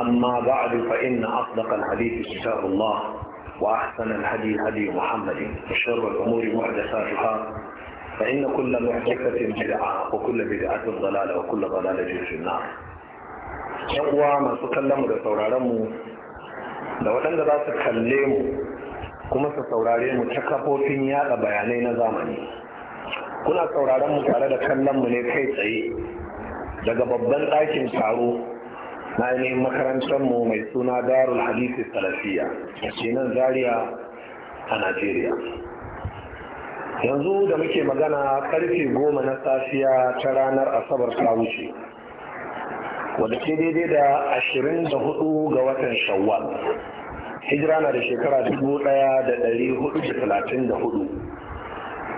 أما بعد فإن أصدق الحديث كتاب الله وأحسن الحديث هدي محمد وشر الأمور محدثاتها فإن كل محدثة بدعة وكل بدعة ضلالة وكل ضلالة في النار يقوى ما تكلم da sauraronmu da waɗanda za su kalle mu kuma su saurare mu ta kafofin yada bayanai na zamani kuna sauraron mu tare da kallon mu ne kai tsaye daga babban ɗakin taro na yi makarantar mu mai suna darul hadisi salafiya a kenan zaria a najeriya yanzu da muke magana karfe goma na safiya ta ranar asabar ta wuce wadda ke daidai da ashirin da hudu ga watan shawwal hijira na da shekara dubu daya da dari hudu da talatin da hudu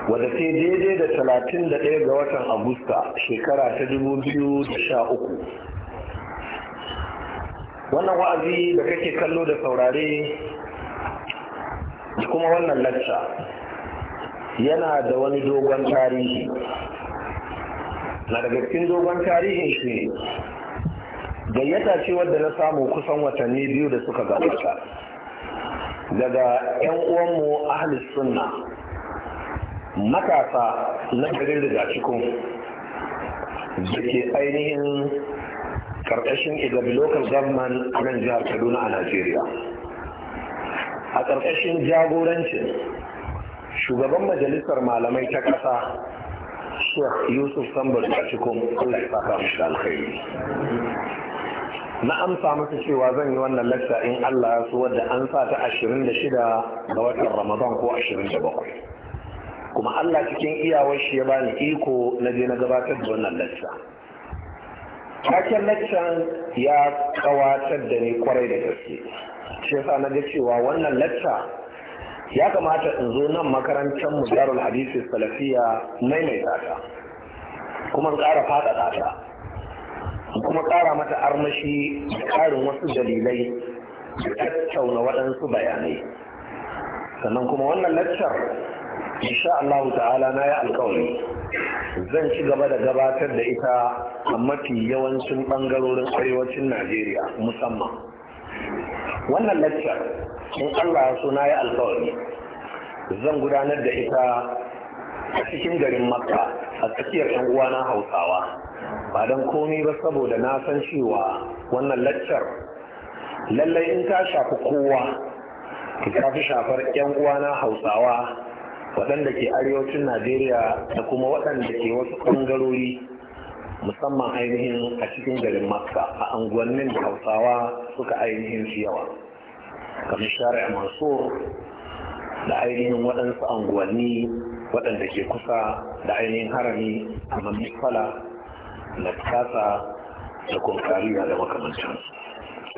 wadda ke daidai da talatin da daya ga watan agusta shekara ta dubu biyu da sha uku wannan wa'azi da kake kallo da saurare da kuma wannan lacca yana da wani dogon tarihi na daga cikin dogon tarihin shi gayyata ce wadda na samu kusan watanni biyu da suka gabata daga 'yan uwanmu ahalis sunna matasa na garin cikin. da ke ainihin karkashin igabi local government a nan jihar kaduna a najeriya a karkashin jagorancin shugaban majalisar malamai ta ƙasa sheikh yusuf sambar a cikin allah ta alkhairi na amsa masa cewa zan yi wannan lakta in allah ya so wadda an sa ta 26 ga watan ramadan ko 27 kuma Allah cikin iyawar shi ya bani iko na je na gabatar da wannan lacca taken laccan ya kawatar da ni kwarai da gaske shi yasa na ga cewa wannan lacca ya kamata in zo nan makarantar mu darul hadisi salafiya maimaita ta kuma in ƙara faɗaɗa ta kuma ƙara mata armashi da ƙarin wasu dalilai da tattauna waɗansu bayanai sannan kuma wannan laccar insha Allah ta'ala na yi alkawari zan ci gaba da gabatar da ita a mafi yawancin bangarorin arewacin Najeriya musamman wannan lecture in Allah ya so na yi alkawari zan gudanar da ita a cikin garin Makka a tsakiyar 'yan uwana Hausawa ba don komai ba saboda na san cewa wannan laccar lallai in ta shafi kowa ta shafi shafar 'yan uwana Hausawa waɗanda ke arewacin najeriya da kuma waɗanda ke wasu ɓangarori musamman ainihin a cikin garin makka a anguwannin da hausawa suka ainihin fi yawa kamar shari'a mansur da ainihin waɗansu anguwanni waɗanda ke kusa da ainihin harami kamar misfala da kasa da kunkariya da makamancin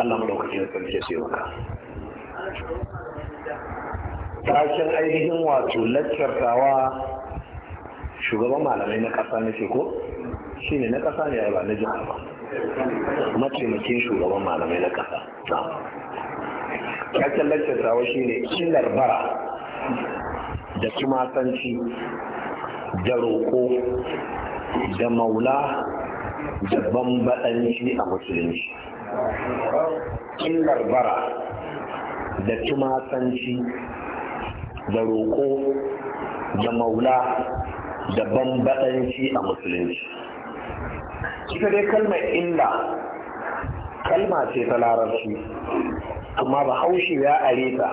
allah madaukakin sarki ya ce maka tashin ainihin wato tawa shugaban malamai na ƙasa na ce ko shi ne na ƙasa ne ba na jihar ba mataimakin shugaban malamai na ƙasa tashin laccartawa shi ne illar bara da tumasanci da roƙo da maula da bambaɗanci a musulunci illar bara da tumasanci da roƙo da maula da bambaɗanci a musulunci ita dai kalmar illa kalma ce ta larabci amma ba haushe ya are ta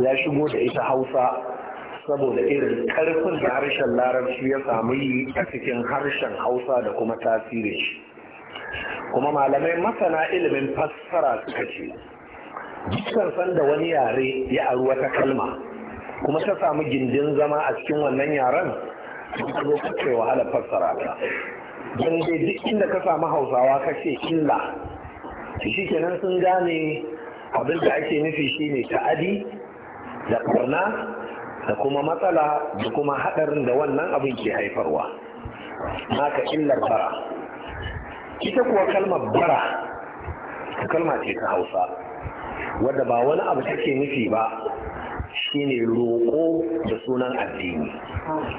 ya shigo da ita hausa saboda irin karfin da harshen larabci ya samu yi a cikin harshen hausa da kuma tasirin shi kuma malamai masana ilimin fassara suka ce dukkan sanda wani yare ya aru wata kalma kuma ta samu gindin zama a cikin wannan yaren ta zo kace wahala fassara ta don dai duk inda ka samu hausawa ka ce, illa shi kenan sun gane abin da ake nufi shi shine ta'adi da ƙarna da kuma matsala da kuma haɗarin da wannan abin ke haifarwa ka illar bara ita kuwa kalmar bara kalma ce ta hausa wadda ba wani abu take nufi ba shine roƙo da sunan addini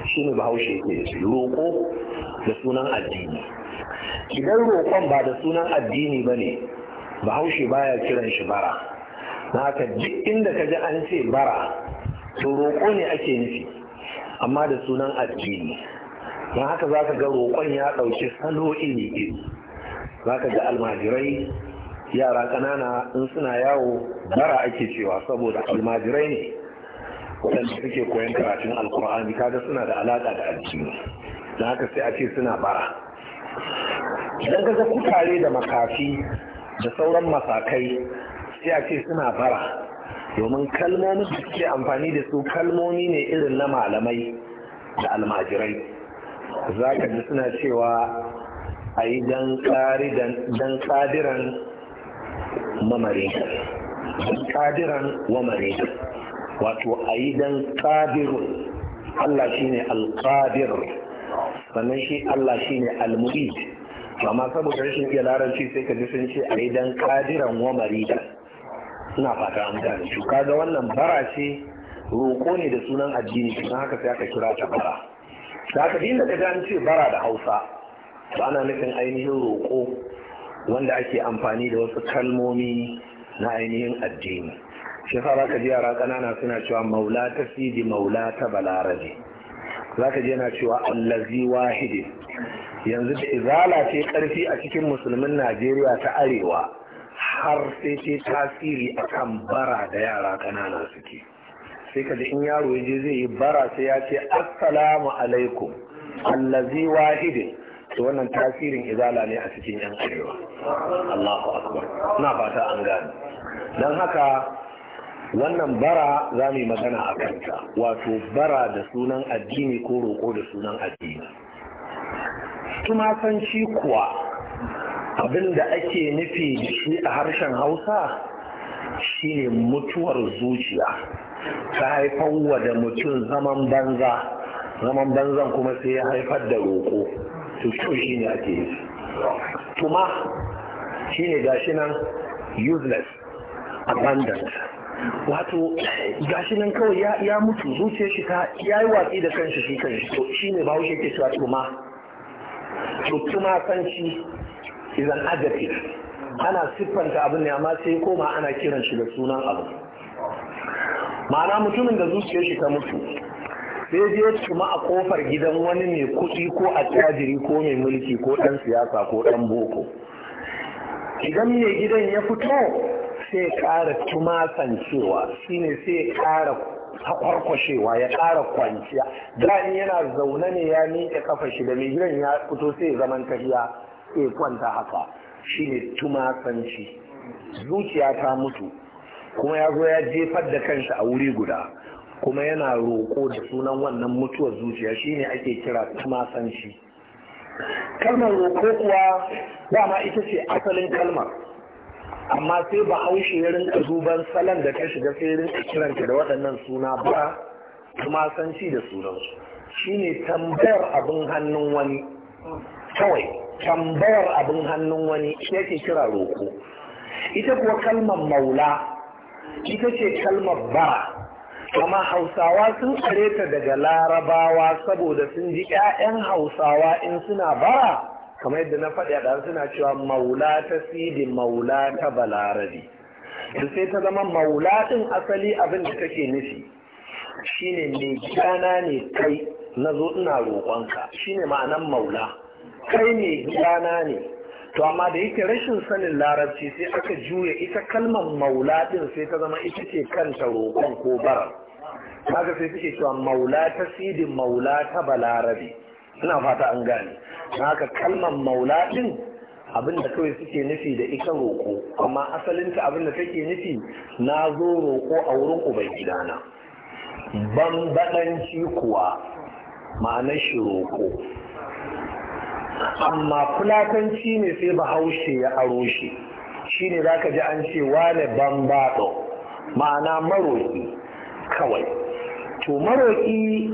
shi ne bahaushe ke roƙo da sunan addini idan roƙon ba da sunan addini ba ne bahaushe baya kiran shi bara na haka duk inda ka ji an ce bara to roƙo ne ake nufi amma da sunan addini don haka za ka ga roƙon ya ɗauki salo ne iri za ka ga almajirai yara ƙanana in suna yawo bara ake cewa saboda almajirai ne waɗanda suke koyan karatun alkur'ani kaga suna da alaƙa da addini da haka sai a ce suna bara idan kaga kutare da makafi da sauran masakai sai a ce suna bara domin kalmomin da suke amfani da su kalmomi ne irin na malamai da almajirai za ka ji suna cewa a yi don kadiran mamare kadiran wamare wato a yi ƙadirun Allah shi ne alƙadir sannan shi Allah shi ne almurid amma saboda rashin iya larabci sai ka ji sun ce a yi ƙadiran wa marida suna fata an gane shi kaga wannan bara ce roƙo ne da sunan addini kuma haka sai aka kira ta bara da aka dinda ka an ce bara da hausa to ana nufin ainihin roƙo wanda ake amfani da wasu kalmomi na ainihin addini shi sa za ka ji yara ƙanana suna cewa maula ta sidi maula ta balarabe za ka ji yana cewa allazi wahidi yanzu da izala ce ƙarfi a cikin musulmin najeriya ta arewa har sai ce tasiri a kan bara da yara ƙanana suke sai ka ji in yaro ya je zai yi bara sai ya ce assalamu alaikum allazi wahidin to wannan tasirin izala ne a cikin yan arewa Allahu akbar na fata an gane don haka wannan bara za mu yi magana a kanta wato bara da sunan addini ko roƙo da sunan addini tumasanci kuwa abin da ake nufi da shi a harshen hausa shine mutuwar zuciya ta haifar wa da mutum zaman banza zaman banzan kuma sai ya haifar da roƙo to shi ne ake yi tuma shine gashi nan useless abandoned wato gashi nan kawai ya mutu zuciya shi ta ya yi watsi da kanshi shi kanshi to shi ne ba wuce ke cewa tuma to tuma kanshi izan agape ana siffanta abin ne amma sai koma ana kiran shi da sunan abu ma'ana mutumin da zuciya shi ta mutu sai je tuma a kofar gidan wani mai kuɗi ko a tajiri ko mai mulki ko ɗan siyasa ko ɗan boko idan mai gidan ya fito sai ƙara ƙara tumasancewa shine sai ya ƙara ya ƙara kwanciya da in yana zaune ne ya miƙe kafa shi da mai ya fito sai zaman tafiya sai kwanta haka Shi ne tumasanci zuciya ta mutu kuma ya zo ya jefar da kansa a wuri guda kuma yana roƙo da sunan wannan mutuwar zuciya shine ake kira tumasanci kalmar roƙo kuwa dama ita ce asalin kalmar amma sai ba ya rinka duban salon da ta shiga sai rinka kiranta da waɗannan suna ba kuma san shi da sunansu shine tambayar abin hannun wani kawai tambayar abin hannun wani yake kira roko ita kuwa kalmar maula ita ce kalmar bara amma hausawa sun tsare ta daga larabawa saboda sun ji 'ya'yan hausawa in suna bara kamar yadda na faɗi a ɗan suna cewa maula ta sidi maula ta balarabi da sai ta zama maula ɗin asali abin da take nufi shine mai gana ne kai na zo ina roƙonka shine ma'anan maula kai mai gana ne to amma da yake rashin sanin larabci sai aka juya ita kalmar maula ɗin sai ta zama ita ce kanta roƙon ko bara haka sai suke cewa maula ta Sidi maula ta balarabi ina fata an gane na haka kalmar maula abin da kawai suke nufi da ita roko, amma asalinta abin da take nufi na zo roƙo a wurin ubangidana bambaɗanci kuwa ma'anar shi roko. amma fulatanci ne sai bahaushe ya aro shi Shi ne za ka ji an ce wane bambaɗo ma'ana maroƙi kawai to maroƙi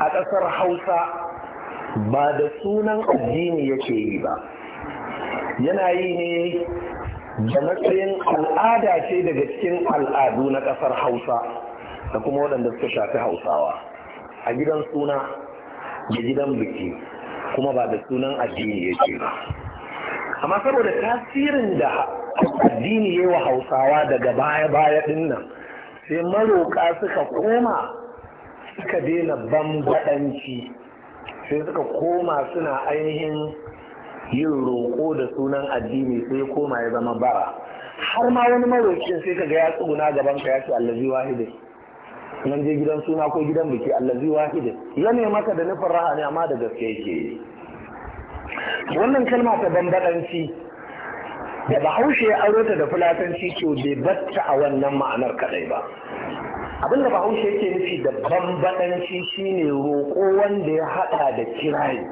a ƙasar hausa ba da sunan addini yake yi ba yana yi ne da matsayin al'ada ce daga cikin al'adu na ƙasar hausa da kuma waɗanda suka shafi hausawa a gidan suna da gidan biki kuma ba da sunan addini yake ba amma saboda tasirin da addini ya wa hausawa daga baya-baya ɗin nan sai maroƙa suka koma suka daina bambaɗanci sai suka koma suna ainihin yin roƙo da sunan addini sai koma ya zama bara har ma wani maroƙin sai kaga ya tsuguna gaban ka ya ce allazi wahide nan je gidan suna ko gidan biki allazi wahide ya ne maka da nufin raha ne amma da gaske yake yi wannan kalma ta bambadanci da bahaushe ya aure ta da fulatanci to bai batta a wannan ma'anar kadai ba abin da bahaushe yake nufi da bambadanci shine roƙo wanda ya haɗa da kirayi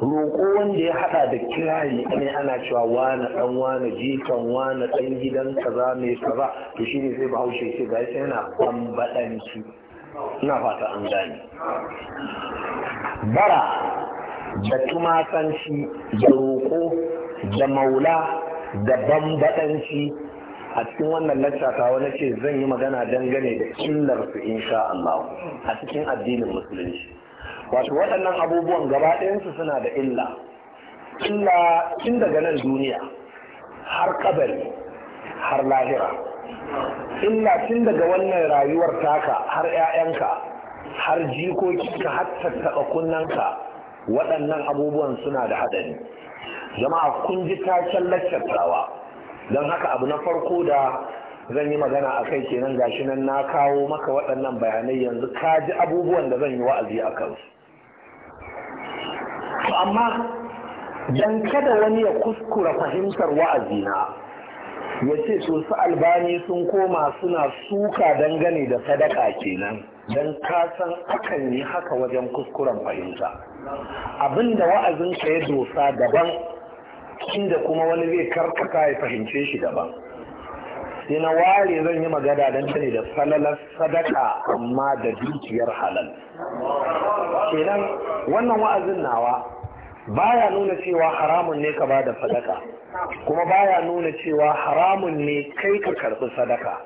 roƙo wanda ya haɗa da kirayi ne ana cewa wani dan wani jikan wani dan gidan kaza mai kaza to shine sai bahaushe ce ga shi yana bambadanci ina fata an gane bara da tumatanci, da roƙo da maula da bambadanci a cikin wannan lacca ta wani ce zan yi magana dangane da illar su insha Allah a cikin addinin musulunci wato waɗannan abubuwan gaba ɗayansu suna da illa illa tun daga nan duniya har kabari har lahira illa tun daga wannan rayuwar taka har 'ya'yanka har jikokinka har tattaɓa kunnanka waɗannan abubuwan suna da haɗari jama'a kun ji taken laccattawa don haka abu na farko da zan yi magana a kai kenan gashi nan na kawo maka waɗannan bayanai yanzu ka ji abubuwan da zan yi wa'azi a kansu amma don kada wani ya kuskura fahimtar wa'azina ya ce su su albani sun koma suna suka dangane da sadaka kenan don kasan akan yi haka wajen kuskuren fahimta abinda wa'azinka ya dosa daban inda kuma wani zai karkata ya fahimce shi daban sai na ware zan yi magana don ta ne da falalar sadaka amma da dukiyar halal kenan wannan wa'azin nawa baya nuna cewa haramun ne ka ba da sadaka kuma baya nuna cewa haramun ne kai ka karɓi sadaka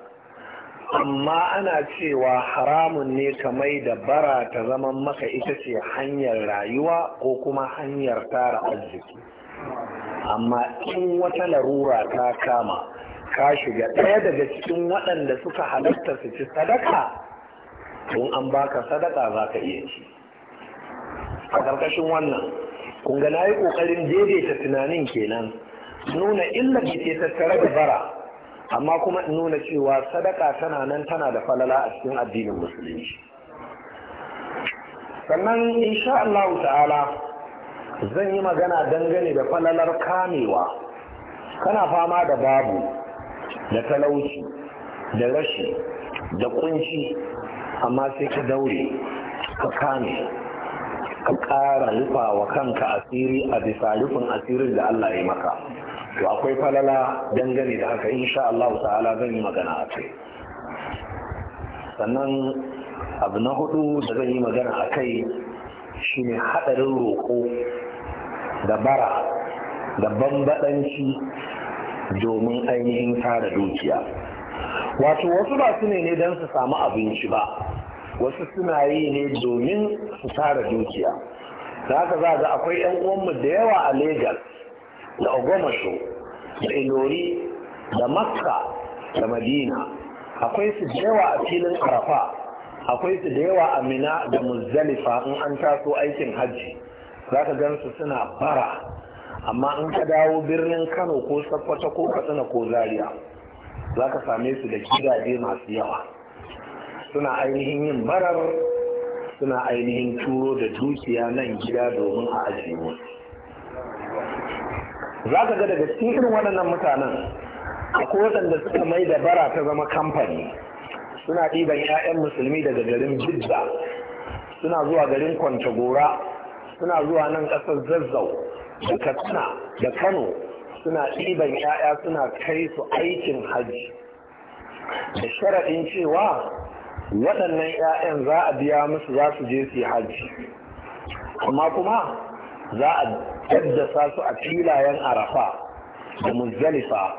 amma ana cewa haramun ne ka mai da bara ta zaman maka ita ce hanyar rayuwa ko kuma hanyar tara arziki amma in wata larura ta kama ka shiga ɗaya daga cikin waɗanda suka halatta su ci sadaka tun an baka sadaka za ka iya ci a ƙarƙashin wannan kun ga na yi ƙoƙarin daidaita tunanin kenan nuna illa da ke tattare da bara amma kuma nuna cewa sadaka tana nan tana da falala a cikin addinin musulunci sannan insha Allah ta'ala zan yi magana dangane da falalar kamewa kana fama da babu da talauci da rashi da kunshi amma sai ka daure ka kame ka ƙara rufa wa kanka asiri a bisa rufin asirin da Allah ya maka to akwai falala dangane da haka insha Allah ta'ala zan yi magana a kai sannan abu na hudu da zan yi magana a kai shine haɗarin roƙo da bara da bambadanci domin ainihin tara dukiya wato wasu ba su ne ne don su samu abinci ba wasu suna yi ne domin su tara dukiya da haka za ga akwai 'yan uwanmu da yawa a Legas da ogomasho da ilori da makka da madina akwai su da yawa a filin arafa akwai su da yawa a mina da Muzalifa in an taso aikin hajji za ka gansu suna bara amma in ka dawo birnin kano ko sakwata ko katsina ko zaria za ka same su da gidaje masu yawa suna ainihin yin barar suna ainihin turo da dukiya nan gida domin a ajiye za ka ga daga cikin waɗannan mutanen akwai waɗanda suka mai da bara ta zama kamfani suna ɗiban 'ya'yan musulmi daga garin jidda suna zuwa garin kwantagora suna zuwa nan ƙasar zazzau da katsina da kano suna ɗiban 'ya'ya suna kai su aikin hajji da sharaɗin cewa waɗannan 'ya'yan za a biya musu za su je su yi hajji amma kuma za a daddasa su a filayen arafa da Muzalifa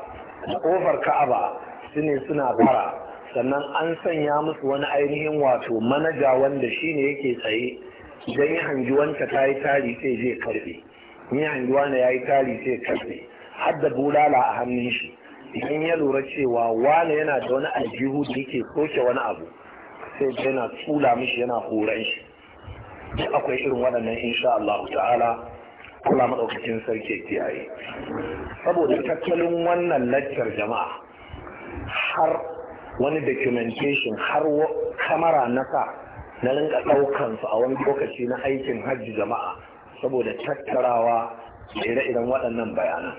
da ƙofar ka'aba su ne suna fara sannan an sanya musu wani ainihin wato manaja wanda shi ne yake tsaye idan ya hangi wanka ta yi tari sai zai karbe ya hangi wani ya yi tari sai karbe har da bulala a hannun shi idan ya lura cewa wane yana da wani aljihu da yake soke wani abu sai yana tsula mishi yana horan shi duk akwai irin waɗannan insha Allah ta'ala kula maɗaukacin sarki kiyaye saboda tattalin wannan laccar jama'a har wani documentation har kamara na sa na rinka ɗaukan su a wani lokaci na aikin hajji jama'a saboda tattarawa ire-iren waɗannan bayanan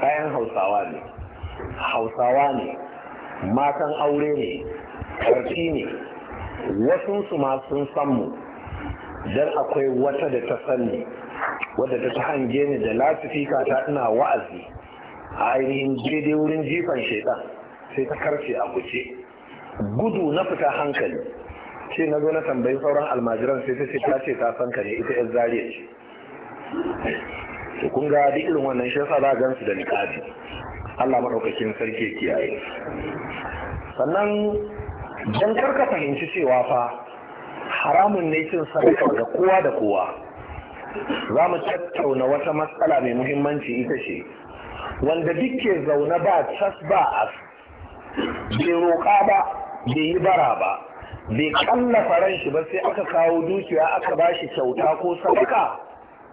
kayan hausawa ne hausawa ne matan aure ne karfi ne wasunsu ma sun san don akwai wata da ta sanni wadda ta ta hange ni da lasifika ta ina wa'azi a ainihin daidai wurin jifan shaitan sai ta karfe a guje gudu na fita hankali shi na zo na tambayi sauran almajiran sai ta ce ta ce ta san ka ne ita yan zariya ce to kun ga duk irin wannan shi yasa za gan su da niƙadi. Allah madaukakin sarki kiyaye sannan dan karka fahimci cewa fa haramun ne cin sadaka ga kowa da kowa za mu tattauna wata matsala mai muhimmanci ita ce wanda duk ke zaune ba tas ba as bai roƙa ba bai yi bara ba bai kallafa ran shi ba sai aka kawo dukiya aka ba shi kyauta ko sadaka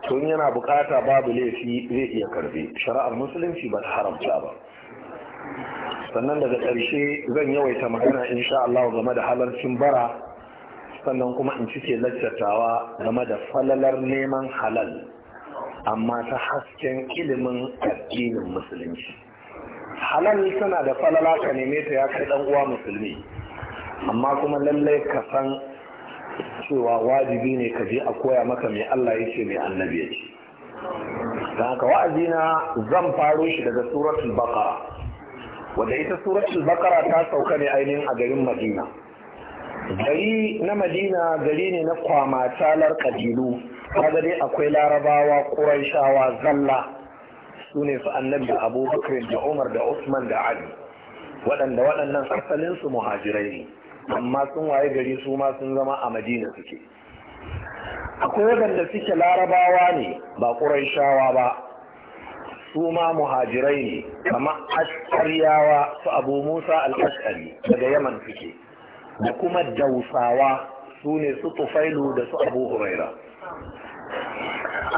tun yana bukata babu laifi zai iya karbe shari'ar musulunci ba ta haramta ba sannan daga ƙarshe zan yawaita magana insha Allah game da halarcin bara sannan kuma in cike lattatawa game da falalar neman halal amma ta hasken ilimin addinin musulunci halal tana da falala ka neme ta ya kai dan uwa musulmi amma kuma lallai ka san cewa wajibi ne ka je a koya maka mai Allah ya ce mai annabi ya ce don haka wa'azi na zan faro shi daga suratul bakara wanda ita suratul bakara ta sauka ne ainihin a garin madina gari na madina gari ne na talar kabilu kaga dai akwai larabawa ƙuraishawa zalla su ne su annabi abubakar da umar da usman da ali waɗanda waɗannan asalinsu muhajirai ne amma sun waye gari su ma sun zama a madina suke akwai waɗanda suke larabawa ne ba ƙuraishawa ba su ma muhajirai ne kamar ashariyawa su abu musa al-ashari daga yaman suke da kuma dausawa su ne su tufailu da su abu huraira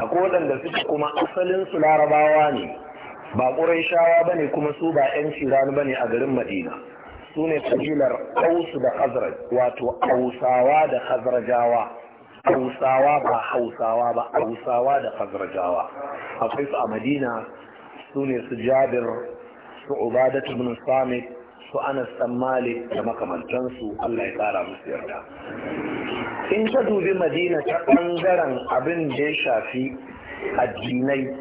akwai waɗanda suke kuma asalinsu larabawa ne ba ƙuraishawa ba ne kuma su ba 'yan shirani ba ne a garin madina su ne kabilar Hausu da khazraj wato ausawa da khazrajawa Hausawa ba hausawa ba Hausawa da khazrajawa akwai su a madina su ne su jabir su ubadat ibn samit su anas dan malik da makamantansu Allah ya kara musu yarda in ka dubi madina ta bangaren abin da ya shafi addinai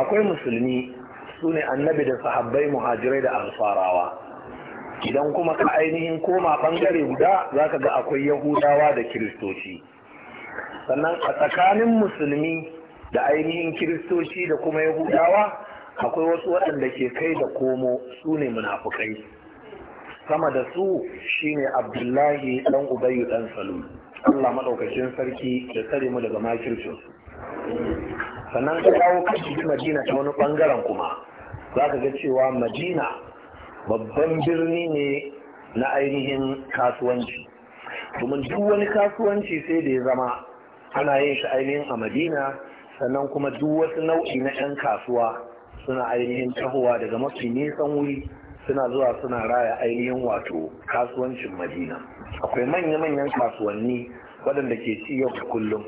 akwai musulmi su ne annabi da sahabbai muhajirai da ansarawa idan kuma ka ainihin koma bangare guda za ka ga akwai yahudawa da kiristoci sannan a tsakanin musulmi da ainihin kiristoci da kuma yahudawa akwai wasu waɗanda ke kai da komo su ne munafukai sama da su shine abdullahi ɗan ubayu ɗan salul allah maɗaukacin sarki da tsare mu daga makircin sannan ka kawo kashi madina ta wani ɓangaren kuma za ka ga cewa madina babban birni ne na ainihin kasuwanci domin duk wani kasuwanci sai da ya zama ana yin shi ainihin a madina sannan kuma duk wasu nau'i na 'yan kasuwa suna ainihin tahowa daga mafi nisan wuri suna zuwa suna raya ainihin wato kasuwancin madina akwai manya-manyan kasuwanni waɗanda ke ci yau da kullum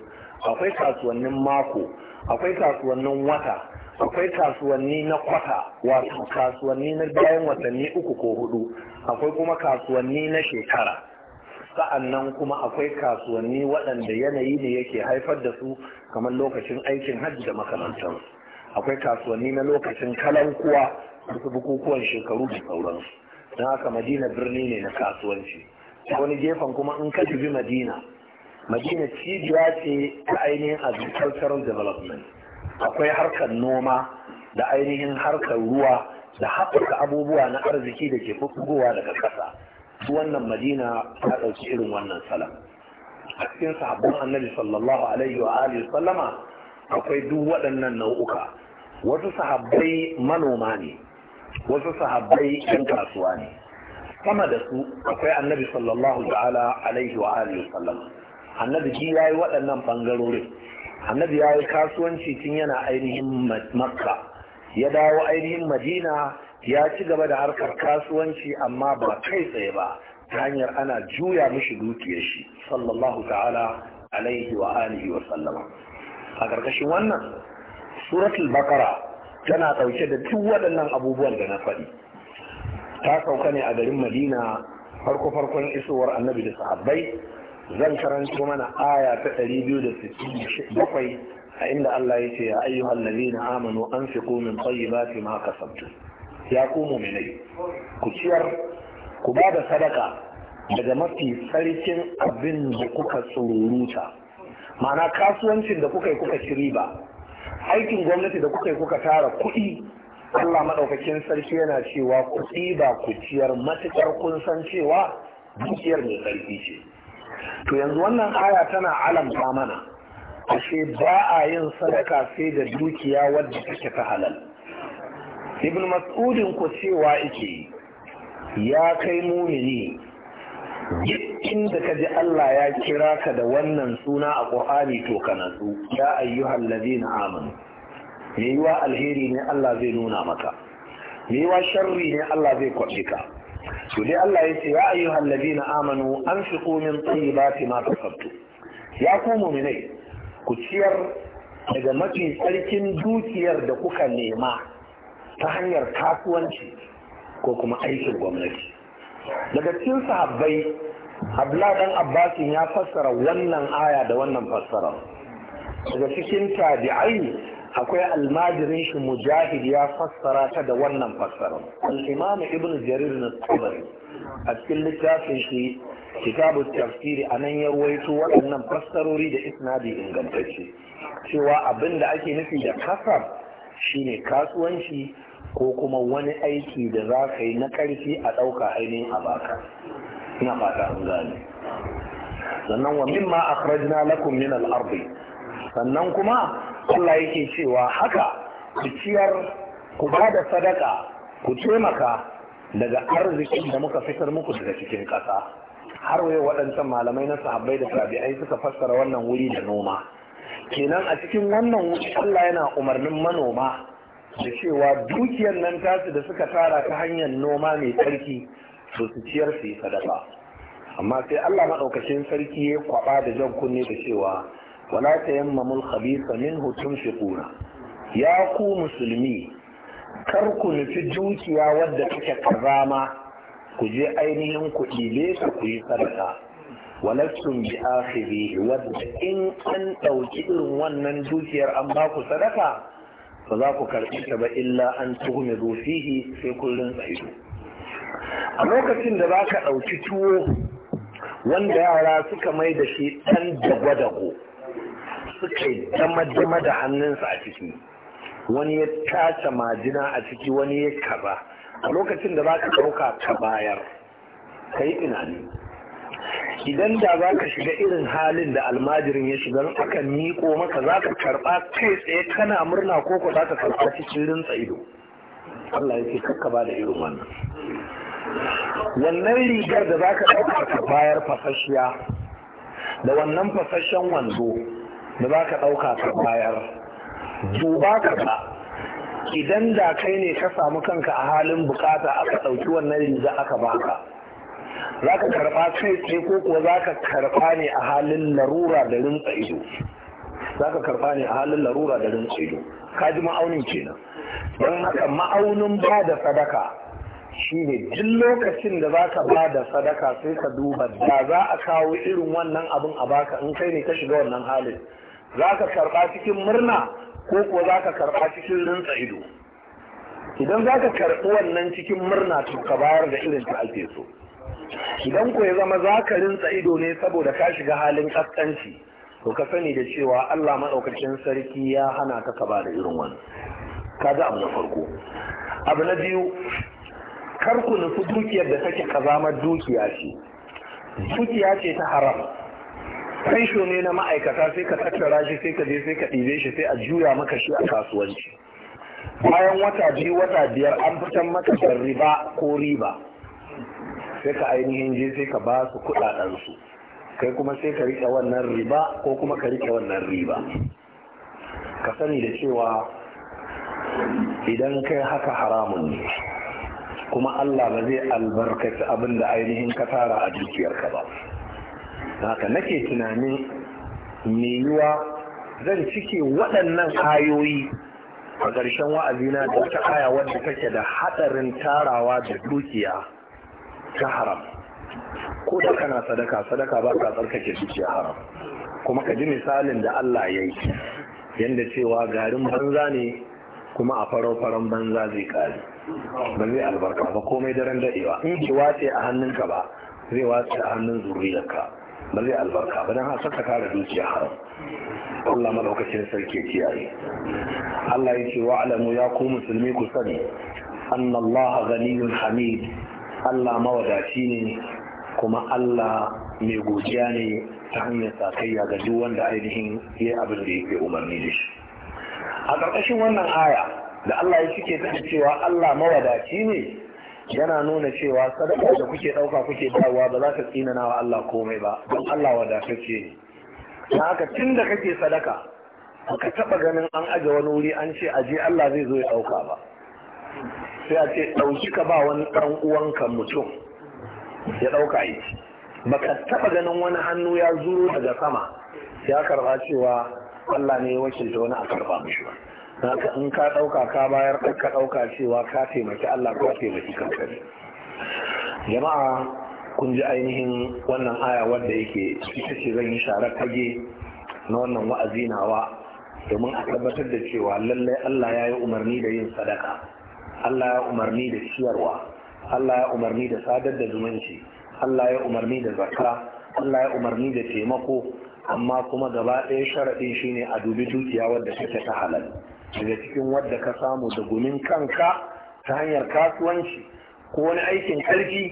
akwai kasuwannin mako akwai kasuwannin wata akwai kasuwanni na kwata wato kasuwanni na bayan watanni uku ko hudu akwai kuma kasuwanni na shekara sa'annan kuma akwai kasuwanni waɗanda yanayi ne yake haifar da su kamar lokacin aikin hajji da makarantar, akwai kasuwanni na lokacin kalankuwa da su bukukuwan shekaru da sauransu don haka madina birni ne na kasuwanci wani gefen kuma in ka dubi madina madina cibiya ce ta ainihin agricultural development akwai harkar noma da ainihin harkar ruwa da haɓaka abubuwa na arziki da ke fukugowa daga ƙasa su wannan madina ta ɗauki irin wannan salam a cikin sahabban annabi sallallahu alaihi wa alihi sallama akwai duk waɗannan nau'uka wasu sahabbai manoma ne wasu sahabbai yan kasuwa ne sama da su akwai annabi sallallahu ta'ala alaihi wa alihi sallama annabi ji yayi waɗannan bangarorin annabi ya yi kasuwanci tun yana ainihin makka ya dawo ainihin madina ya ci gaba da harkar kasuwanci amma ba kai tsaye ba ta hanyar ana juya mishi dukiyar shi sallallahu ta'ala alaihi wa alihi wa sallama a karkashin wannan suratul bakara tana ɗauke da duk waɗannan abubuwan da na faɗi ta sauka ne a garin madina farko farkon isowar annabi da sahabbai zan karanto mana aya ta 267 a inda Allah ya ce ya ayyuhal ladina amanu anfiqu min tayyibati ma kasabtu ya ku mu'minai ku ciyar ku ba da sadaka daga mafi sarkin abin da kuka tsururuta ma'ana kasuwancin da kuka yi kuka ci riba aikin gwamnati da kuka yi kuka tara kuɗi Allah maɗaukakin sarki yana cewa kuɗi ba ku ciyar matuƙar kun san cewa dukiyar mai sarki ce to yanzu wannan aya tana alamta mana ashe ba a yin sadaka sai da dukiya wadda take ta halal ibn mas'udin ku cewa ike ya kai mumini duk inda ka Allah ya kira ka da wannan suna a ƙwa'ani to ka natsu ya ayyuhal ladina amanu me alheri ne Allah zai nuna maka me yiwa sharri ne Allah zai kwaɓe ka to Allah ya ce ya ayyuhal ladina amanu anfiqu min tayyibati ma kasabtu ya ku mu'minai ku ciyar daga mafi tsarkin dukiyar da kuka nema ta hanyar kasuwanci ko kuma aikin gwamnati daga cikin sahabbai abla dan Abbasin ya fassara wannan aya da wannan fassara daga cikin tabi'ai akwai almajirin shi mujahid ya fassara ta da wannan fassara al-imam ibn jarir na tabari a cikin littafin shi kitabu tafsiri a nan ya ruwaito waɗannan fassarori da isnadi ingantacce cewa abin da ake nufi da kasar shine kasuwanci ko kuma wani aiki da za ka yi na ƙarfi a ɗauka ainihin a baka ina fata an gane sannan wa mimma akhrajna lakum min al-ardi sannan kuma Allah yake cewa haka ku ciyar ku ba da sadaka ku taimaka daga arzikin da muka fitar muku daga cikin ƙasa har wai waɗancan malamai na sahabbai da tabi'ai suka fassara wannan wuri da noma kenan a cikin wannan wuri Allah yana umarnin manoma da cewa dukiyar nan tasu da suka tara ta hanyar noma mai tsarki to su ciyar su yi sadaka amma sai Allah maɗaukacin sarki ya kwaɓa da jan kunne da cewa wala tayammamul khabitha minhu tunfiquna ya ku musulmi kar ku nufi dukiya wadda take karama ku je ainihin kuɗi, ɗibe ta ku yi sadaka walakin bi akhiri wadda in an ɗauki irin wannan dukiyar an ba ku sadaka ba za ku karɓi ta ba illa an tuhumi fihi sai kullum ido. a lokacin da za ka ɗauki tuwo wanda yara suka mai da shi ɗan dagwadago suka yi dama-dama da hannunsa a ciki wani ya tace majina a ciki wani ya kaba a lokacin da za ka ɗauka ka bayar ka yi tunani idan da za ka shiga irin halin da almajirin ya shiga aka miko maka za ka karɓa kai tsaye kana murna ko ko za ka karɓa cikin rinsa ido Allah ya ce kakka ba da irin wannan wannan rigar da za ka ɗauka ka bayar fasashiya da wannan fasashen wanzo. da za ka ɗauka ka bayar duba ka ba idan da kai ne ka samu kanka a halin bukata aka ɗauki wannan riga aka baka za ka karɓa kai sai ko kuwa za ka karɓa ne a halin larura da rinsa ido za ka karɓa ne a halin larura da rinsa ido ka ji ma'aunin kenan don haka ma'aunin ba da sadaka shine duk lokacin da za ka ba da sadaka sai ka duba da za a kawo irin wannan abin a baka in kai ne ka shiga wannan halin za ka karɓa cikin murna ko ko za ka karɓa cikin rinsa ido idan za ka karɓi wannan cikin murna to ka bayar da irin ta ake so idan ko ya zama za ka rinsa ido ne saboda ka shiga halin ƙasƙanci, to ka sani da cewa Allah maɗaukacin sarki ya hana ka ka ba da irin wani ka ga abu na farko abu na biyu kar ku nufi dukiyar da take kazamar dukiya ce dukiya ce ta haram kansho ne na ma'aikata sai ka tattara shi sai ka je sai ka ɗibe shi sai a juya maka shi a kasuwanci bayan wata biyu wata biyar an fitan maka da riba ko riba sai ka ainihin je sai ka ba su kuɗaɗensu kai kuma sai ka riƙe wannan riba ko kuma ka riƙe wannan riba ka sani da cewa idan kai haka haramun ne kuma Allah ba zai albarkaci abinda ainihin ka tara a dukiyarka ba. haka nake tunanin me yiwa zan cike waɗannan ayoyi a ƙarshen wa'azina da wata aya wadda take da haɗarin tarawa da dukiya ta haram ko da kana sadaka sadaka ba ka tsarkake dukiya haram kuma ka ji misalin da Allah ya yi yadda cewa garin banza ne kuma a farau faran banza zai kare ba zai albarka ba komai daren daɗewa in ki wace a hannunka ba zai wace a hannun zuriyarka ba zai albarka ba don haka ka kare dukiya haram Allah madaukakin sarki kiyaye Allah ya ce wa alamu ya ku musulmi ku sani anna Allah hamid Allah mawadaci ne kuma Allah mai godiya ne ta hanyar sakayya ga duk wanda ainihin ya abin da yake umarni da shi a ƙarƙashin wannan aya da Allah ya cike ta cewa Allah mawadaci ne yana nuna cewa sadaka da kuke ɗauka kuke bayarwa ba za ka tsinana wa Allah komai ba don Allah wadatacce ne na haka tun da kake sadaka ka taɓa ganin an aje wani wuri an ce aje Allah zai zo ya ɗauka ba sai a ce ɗauki ka ba wani ɗan uwanka mutum ya ɗauka yi baka taɓa ganin wani hannu ya zuro daga sama ya karba cewa Allah ne ya wakilta wani a karba mishi ba haka in ka ɗauka ka bayar ka ɗauka cewa ka taimaki Allah ka taimaki kanka jama'a kun ji ainihin wannan aya wadda yake ita ce zan yi sharar tage na wannan wa'azi nawa domin a tabbatar da cewa lallai Allah ya yi umarni da yin sadaka Allah ya umarni da ciyarwa Allah ya umarni da sadar da zumunci Allah ya umarni da zakka Allah ya umarni da taimako amma kuma gaba ɗaya sharaɗin shine a dubi dukiya wadda take ta halal daga cikin wadda ka samu da gumin kanka ta hanyar kasuwanci ko wani aikin karfi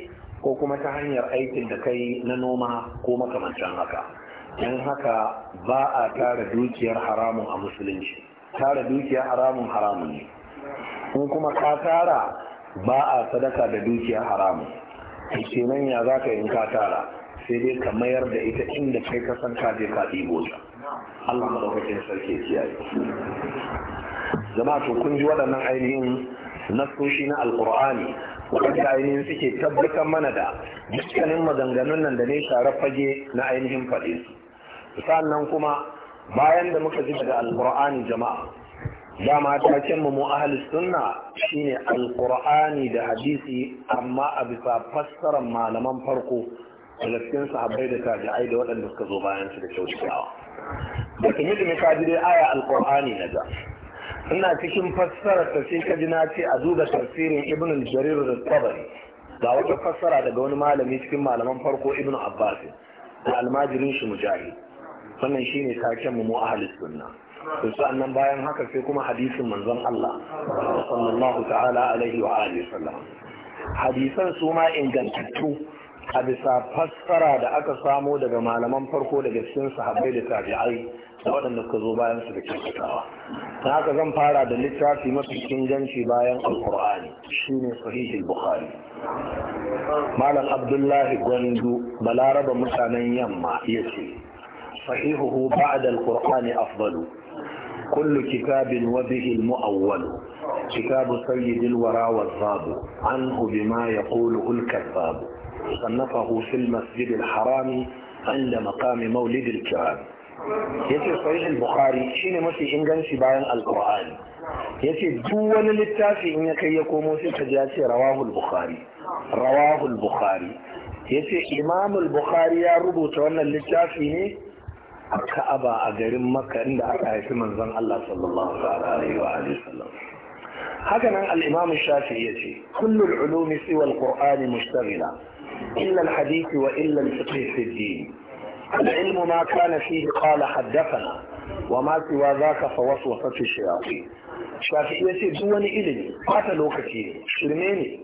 ko kuma ta hanyar aikin da kai na noma ko makamancin haka don haka ba a tara dukiyar haramun a musulunci tara dukiyar haramun haramun ne in kuma ka tara ba a sadaka da dukiyar haramun kenan ya za ka yi ka tara sai dai ka mayar da ita inda kai ka san ka je ka ɗibo ta Allah sarki kiyaye Zama to kun ji waɗannan ainihin nasoshi na alkur'ani waɗanda ainihin suke tabbatar mana da dukkanin maganganun nan da ne share fage na ainihin faɗi su sannan kuma bayan da muka ji daga alkur'ani jama'a dama taken mu ahli sunna shine alkur'ani da hadisi amma a bisa fassarar malaman farko da cikin sahabbai da tabi'ai da waɗanda suka zo bayan su da kyautatawa da kuma da ka ji dai aya alkur'ani na ja ina cikin fassara ta sai ka na ce a duba tafsirin ibn al-jarir al-tabari ga wata fassara daga wani malami cikin malaman farko ibn abbas da almajirin shi mujahid wannan shine taken mu ahlus sunna to sannan bayan haka sai kuma hadisin manzon Allah sallallahu ta'ala alaihi wa alihi sallam hadisan su ma ingantattu a bisa fassara da aka samo daga malaman farko daga cikin sahabbai da tabi'ai da waɗanda suka zo bayan su da kyautatawa ta haka zan fara da littafi mafi inganci bayan alkur'ani shine sahihul bukhari malam abdullahi gwandu balaraba mutanen yamma ya ce sahihuhu ba'da alkur'ani afdalu كل كتاب وبه المؤول كتاب سيد الورى والذاب عنه بما يقوله الكذاب صنفه في المسجد الحرام عند مقام مولد الكرام yace sahihul bukhari shine mafi inganci bayan alqur'ani yace duk wani littafi in ya kai ya komo sai ka ya ce rawahul bukhari rawahul bukhari yace imamul bukhari ya rubuta wannan littafi ne a ka'aba a garin makka inda aka haifi manzon Allah sallallahu alaihi wa alihi wasallam haka nan al-imam shafi yace kullul ulumi siwa al-qur'ani mushtaghila illa al-hadith wa illa al-fiqh fi din العلم ما كان فيه قال حدثنا وما سوى ذاك فوسوسة الشياطين shafi'i ya ce duk wani ilimi bata lokaci ne shirme ne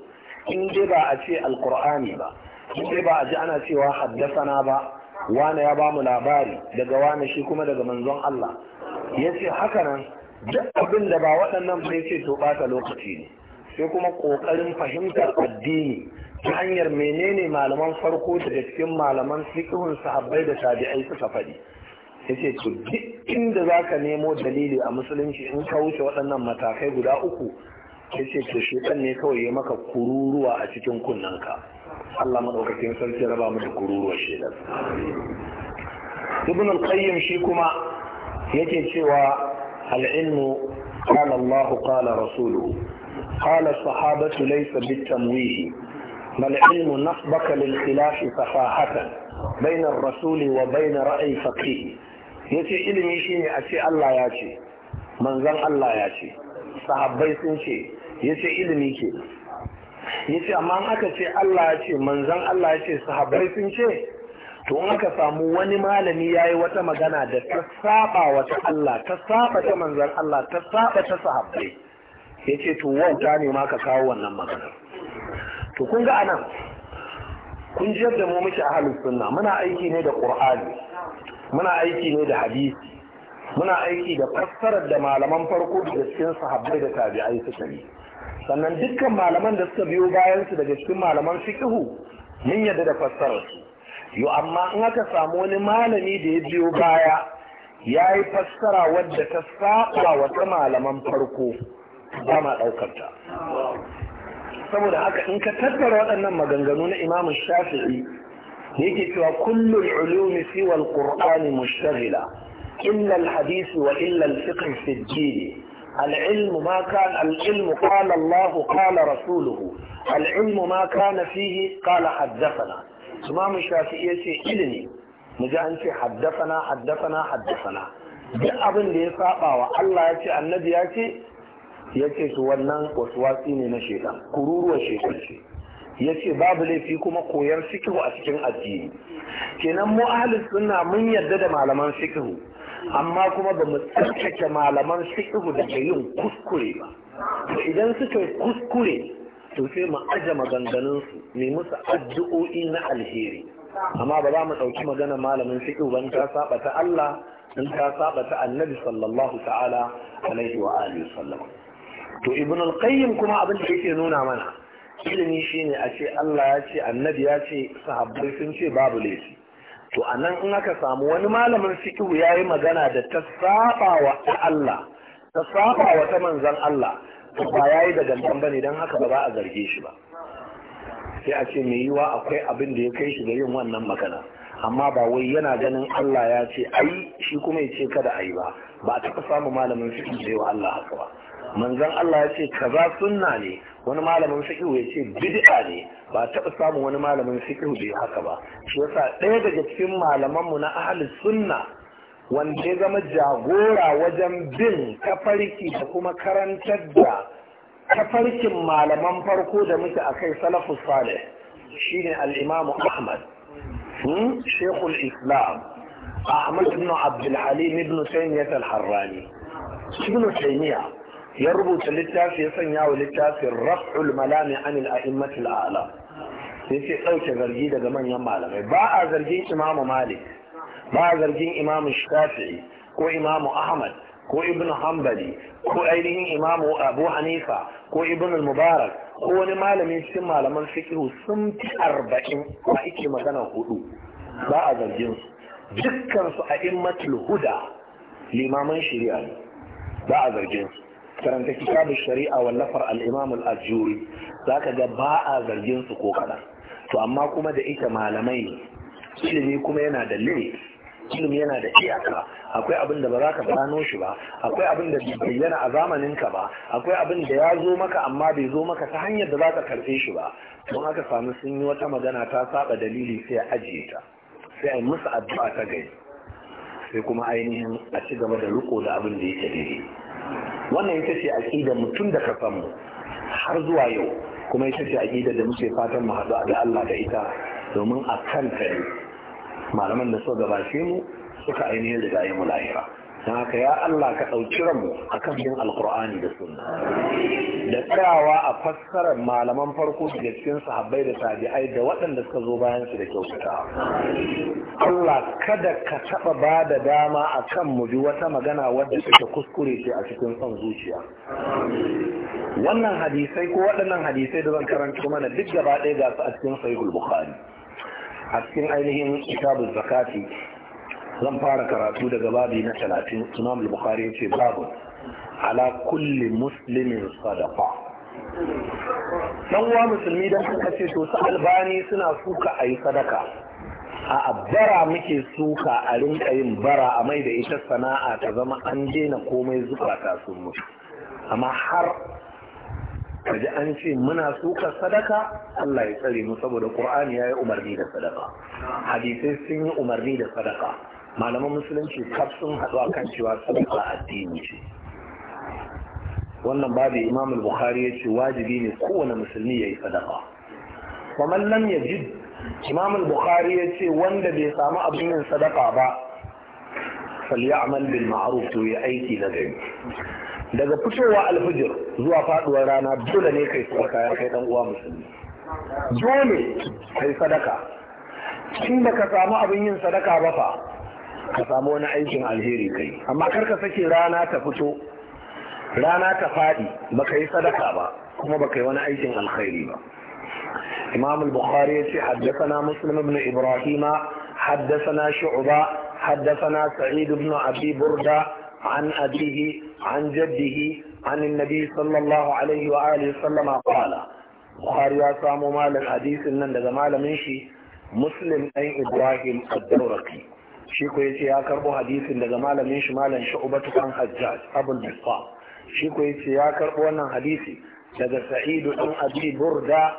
in dai ba a ce alkur'ani ba in dai ba a ji ana cewa haddasana ba wane ya bamu labari daga wane shi kuma daga manzon Allah ya ce haka duk abinda ba waɗannan ba ya ce to bata lokaci ne sai kuma ƙoƙarin fahimtar addini ta hanyar menene malaman farko daga cikin malaman fiqhun sahabbai da tabi'ai suka faɗi yace to duk inda zaka nemo dalili a musulunci in ka wuce waɗannan matakai guda uku yace to shekan ne kawai ya maka kururuwa a cikin kunnanka Allah madaukakin sarki raba mu da kururuwa shedan ibn al-qayyim shi kuma yake cewa al-ilmu qala Allah qala rasuluhu qala sahabatu laysa bitamwihi بل علم نصبك للخلاف فصاحة بين الرسول وبين رأي فقيه yace ilimi shine a ce Allah ya ce manzon Allah ya ce sahabbai sun ce yace ilimi ke yace amma in aka ce Allah ya ce manzon Allah ya ce sahabbai sun ce to in aka samu wani malami ya yi wata magana da ta saba wata Allah ta saba ta manzon Allah ta saba ta sahabbai yace to wauta ne ma ka kawo wannan maganar to kun ga anan kun ji da mu muke ahlus sunna muna aiki ne da Ƙur'ani, muna aiki ne da hadisi muna aiki da fassarar da malaman farko daga cikin sahabbai da tabi'ai suka yi sannan dukkan malaman da suka biyo bayan su daga cikin malaman fiqhu mun yadda da fassarar su yo amma in aka samu wani malami da ya biyo baya ya yi fassara wadda ta saba wata malaman farko ba ma ɗaukar ta saboda haka in ka tattara waɗannan maganganu na imamu shafi'i yake cewa kullum ulumi wal qur'ani mushtaghila illa al-hadith wa illa al-fiqh fi al din العلم ما كان العلم قال الله قال رسوله العلم ما كان فيه قال حدثنا إمام الشافعي يقول إلني مجانتي حدثنا حدثنا حدثنا duk abin da ya saba wa Allah ya annabi ya ya ce su wannan watsi ne na shaidan kururuwar shaidan ce ya ce babu laifi kuma koyar fikihu a cikin addini kenan mu ahlus sunna mun yarda da malaman fikihu amma kuma ba mu tsarkake malaman fikihu daga yin kuskure ba to idan suka yi kuskure to sai mu aje maganganun mai musu addu'o'i na alheri amma ba za mu ɗauki maganar malamin fikihu ban ta saba ta Allah in ta saba ta Annabi sallallahu ta'ala alaihi wa alihi sallallahu to ibn al-qayyim kuma abin da yake nuna mana ilimi shine a ce Allah ya ce annabi ya ce sahabbai sun ce babu laifi to anan in aka samu wani malamin fiqh yayi magana da ta saba wa Allah ta saba wa ta manzon Allah to ba yayi da gandan bane dan haka ba za a zarge shi ba sai a ce mai yiwa akwai abin da ya kai shi ga yin wannan magana amma ba wai yana ganin Allah ya ce ai shi kuma ya ce kada ai ba ba a taɓa samu malamin fiqh da yawa Allah haka ba manzon Allah ya ce kaza sunna ne wani malamin fiqh ya ce bid'a ne ba taɓa samun wani malamin fiqh bai haka ba shi yasa ɗaya daga cikin malaman mu na ahli sunna wanda ya zama jagora wajen bin tafarki da kuma karantar da tafarkin malaman farko da muke akai Salafu salih shine al-imamu Ahmad hmm, shekul islam أحمد بن عبد ibn بن تيمية الحراني ابن تيمية يربط للتافي يصنع للتافي رفع الملام عن الأئمة الأعلى يسي قوش غرجي ده من يمالك باع غرجي إمام مالك باع غرجي إمام الشافعي كو إمام أحمد كو ابن حنبلي كو أيديه إمام أبو حنيفة كو ابن المبارك هو نمال من سمع لمن فكره سمت أربعين وإيك مغانا هدو باع غرجي ذكر أئمة الهدى لإمام الشريعي باع غرجي karanta kitabu shari'a wallafar al-imam al-ajuri zaka ga ba a zargin su ko kadan to amma kuma da ita malamai ne ilimi kuma yana da limit ilimi yana da iyaka akwai abin da ba za ka gano shi ba akwai abin da bai bayyana a zamanin ka ba akwai abin da ya zo maka amma bai zo maka ta hanyar da za ka karɓe shi ba don aka samu sun yi wata magana ta saba dalili sai a ajiye ta sai a yi musu addu'a ta gari sai kuma ainihin a ci gaba da riko da abin da yake daidai wannan ita ce aƙida mutum da kafan mu har zuwa yau kuma ita ce aƙida da muke fatan mu haɗu da Allah da ita domin a kan ne malaman da so gabace mu suka ainihin rigaye mu lahira Na haka ya Allah ka ɗauki ranmu a kan yin alkur'ani da sunna da tsayawa a fassarar malaman farko daga cikin sahabbai da tabi'ai da waɗanda suka zo bayan su da kyautata Allah kada ka taɓa ba da dama a kan mu bi wata magana wadda take kuskure ce a cikin son zuciya wannan hadisai ko waɗannan hadisai da zan karanta mana duk gaba ɗaya ga su a cikin sahihul bukhari a cikin ainihin kitabul zakati zan fara karatu daga babi na talatin imam bukhari ya ce babu ala kulli muslimin sadaqa dan uwa musulmi dan suka ce to su albani suna suka ayi sadaka a bara muke suka a rinka yin bara a mai da ita sana'a ta zama an daina komai ta sun mutu amma har kaji an ce muna suka sadaka Allah ya tsare mu saboda Qur'ani ya yi umarni da sadaka hadisai sun yi umarni da sadaka malaman musulunci kaf sun haɗu kan cewa sadaka addini ce wannan babu imam bukhari ya ce wajibi ne kowane musulmi ya yi sadaka kamar lam yajid imam bukhari ya ce wanda bai samu abin yin sadaka ba falyamal bil ma'ruf to ya aiki na gari daga fitowa alfijir zuwa faduwar rana dole ne kai sadaka ya kai dan uwa musulmi dole kai sadaka tun da ka samu abin yin sadaka ba fa ka samu wani aikin alheri kai amma kar ka sake rana ta fito rana ta faɗi baka yi sadaka ba kuma baka yi wani aikin alkhairi ba imam al-bukhari ya ce haddasana muslim ibn ibrahima haddasana shu'ba haddasana sa'id ibn abi burda an abihi an jaddihi an annabi sallallahu alaihi wa alihi sallama qala bukhari ya samu malam hadisin nan daga malamin shi muslim ɗan ibrahim ad-dawraqi shi ko yace ya karbo hadisin daga malamin shi malam Shu'batu kan Hajjaj Abul Bisfa shi ko yace ya karbo wannan hadisi daga Sa'idu ɗin Abi Burda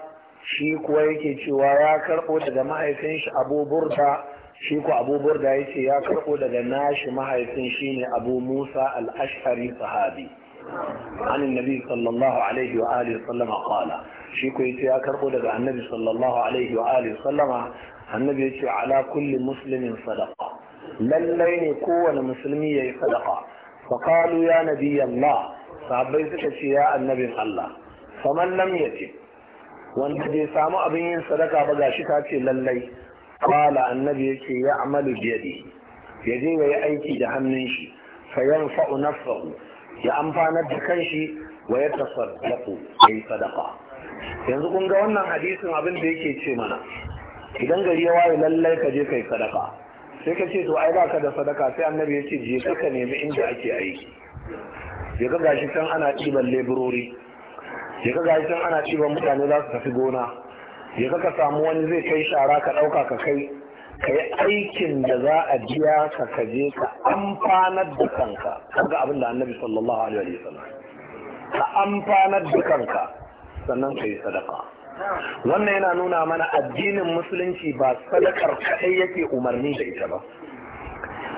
shi kuwa yake cewa ya karbo daga mahaifin shi Abu Burda shi ko Abu Burda yace ya karbo daga nashi mahaifin shine Abu Musa Al-Ash'ari sahabi عن النبي صلى الله عليه وآله وسلم قال شيكو يتي أكربو النبي صلى الله عليه وآله وسلم النبي على كل مسلم صدقة lallai ne kowane musulmi ya yi sadaka faƙalu ya nabi Allah Sabai suka ce ya annabin Allah faman lam ya ce wanda bai samu abin yin sadaka ba gashi ta ce lallai kala annabi yake ya amalu biyadi ya je ya yi aiki da hannun shi fayan fa'u nafsahu ya amfanar da shi wa ya Ya yi sadaka yanzu kun ga wannan hadisin abin da yake ce mana idan gari ya waye lallai ka je kai sadaka sai ka ce to ai ba ka da sadaka sai annabi ya ce je ka nemi inda ake aiki je ka gashi can ana ɗiban leburori je ka gashi can ana ɗiban mutane za su tafi gona je ka ka samu wani zai kai shara ka ɗauka ka kai ka yi aikin da za a biya ka ka je ka amfanar da kanka kaga abin da annabi sallallahu alaihi wasallam ka amfanar da kanka sannan ka yi sadaka wannan yana nuna mana addinin musulunci ba sadakar kaɗai yake umarni da ita ba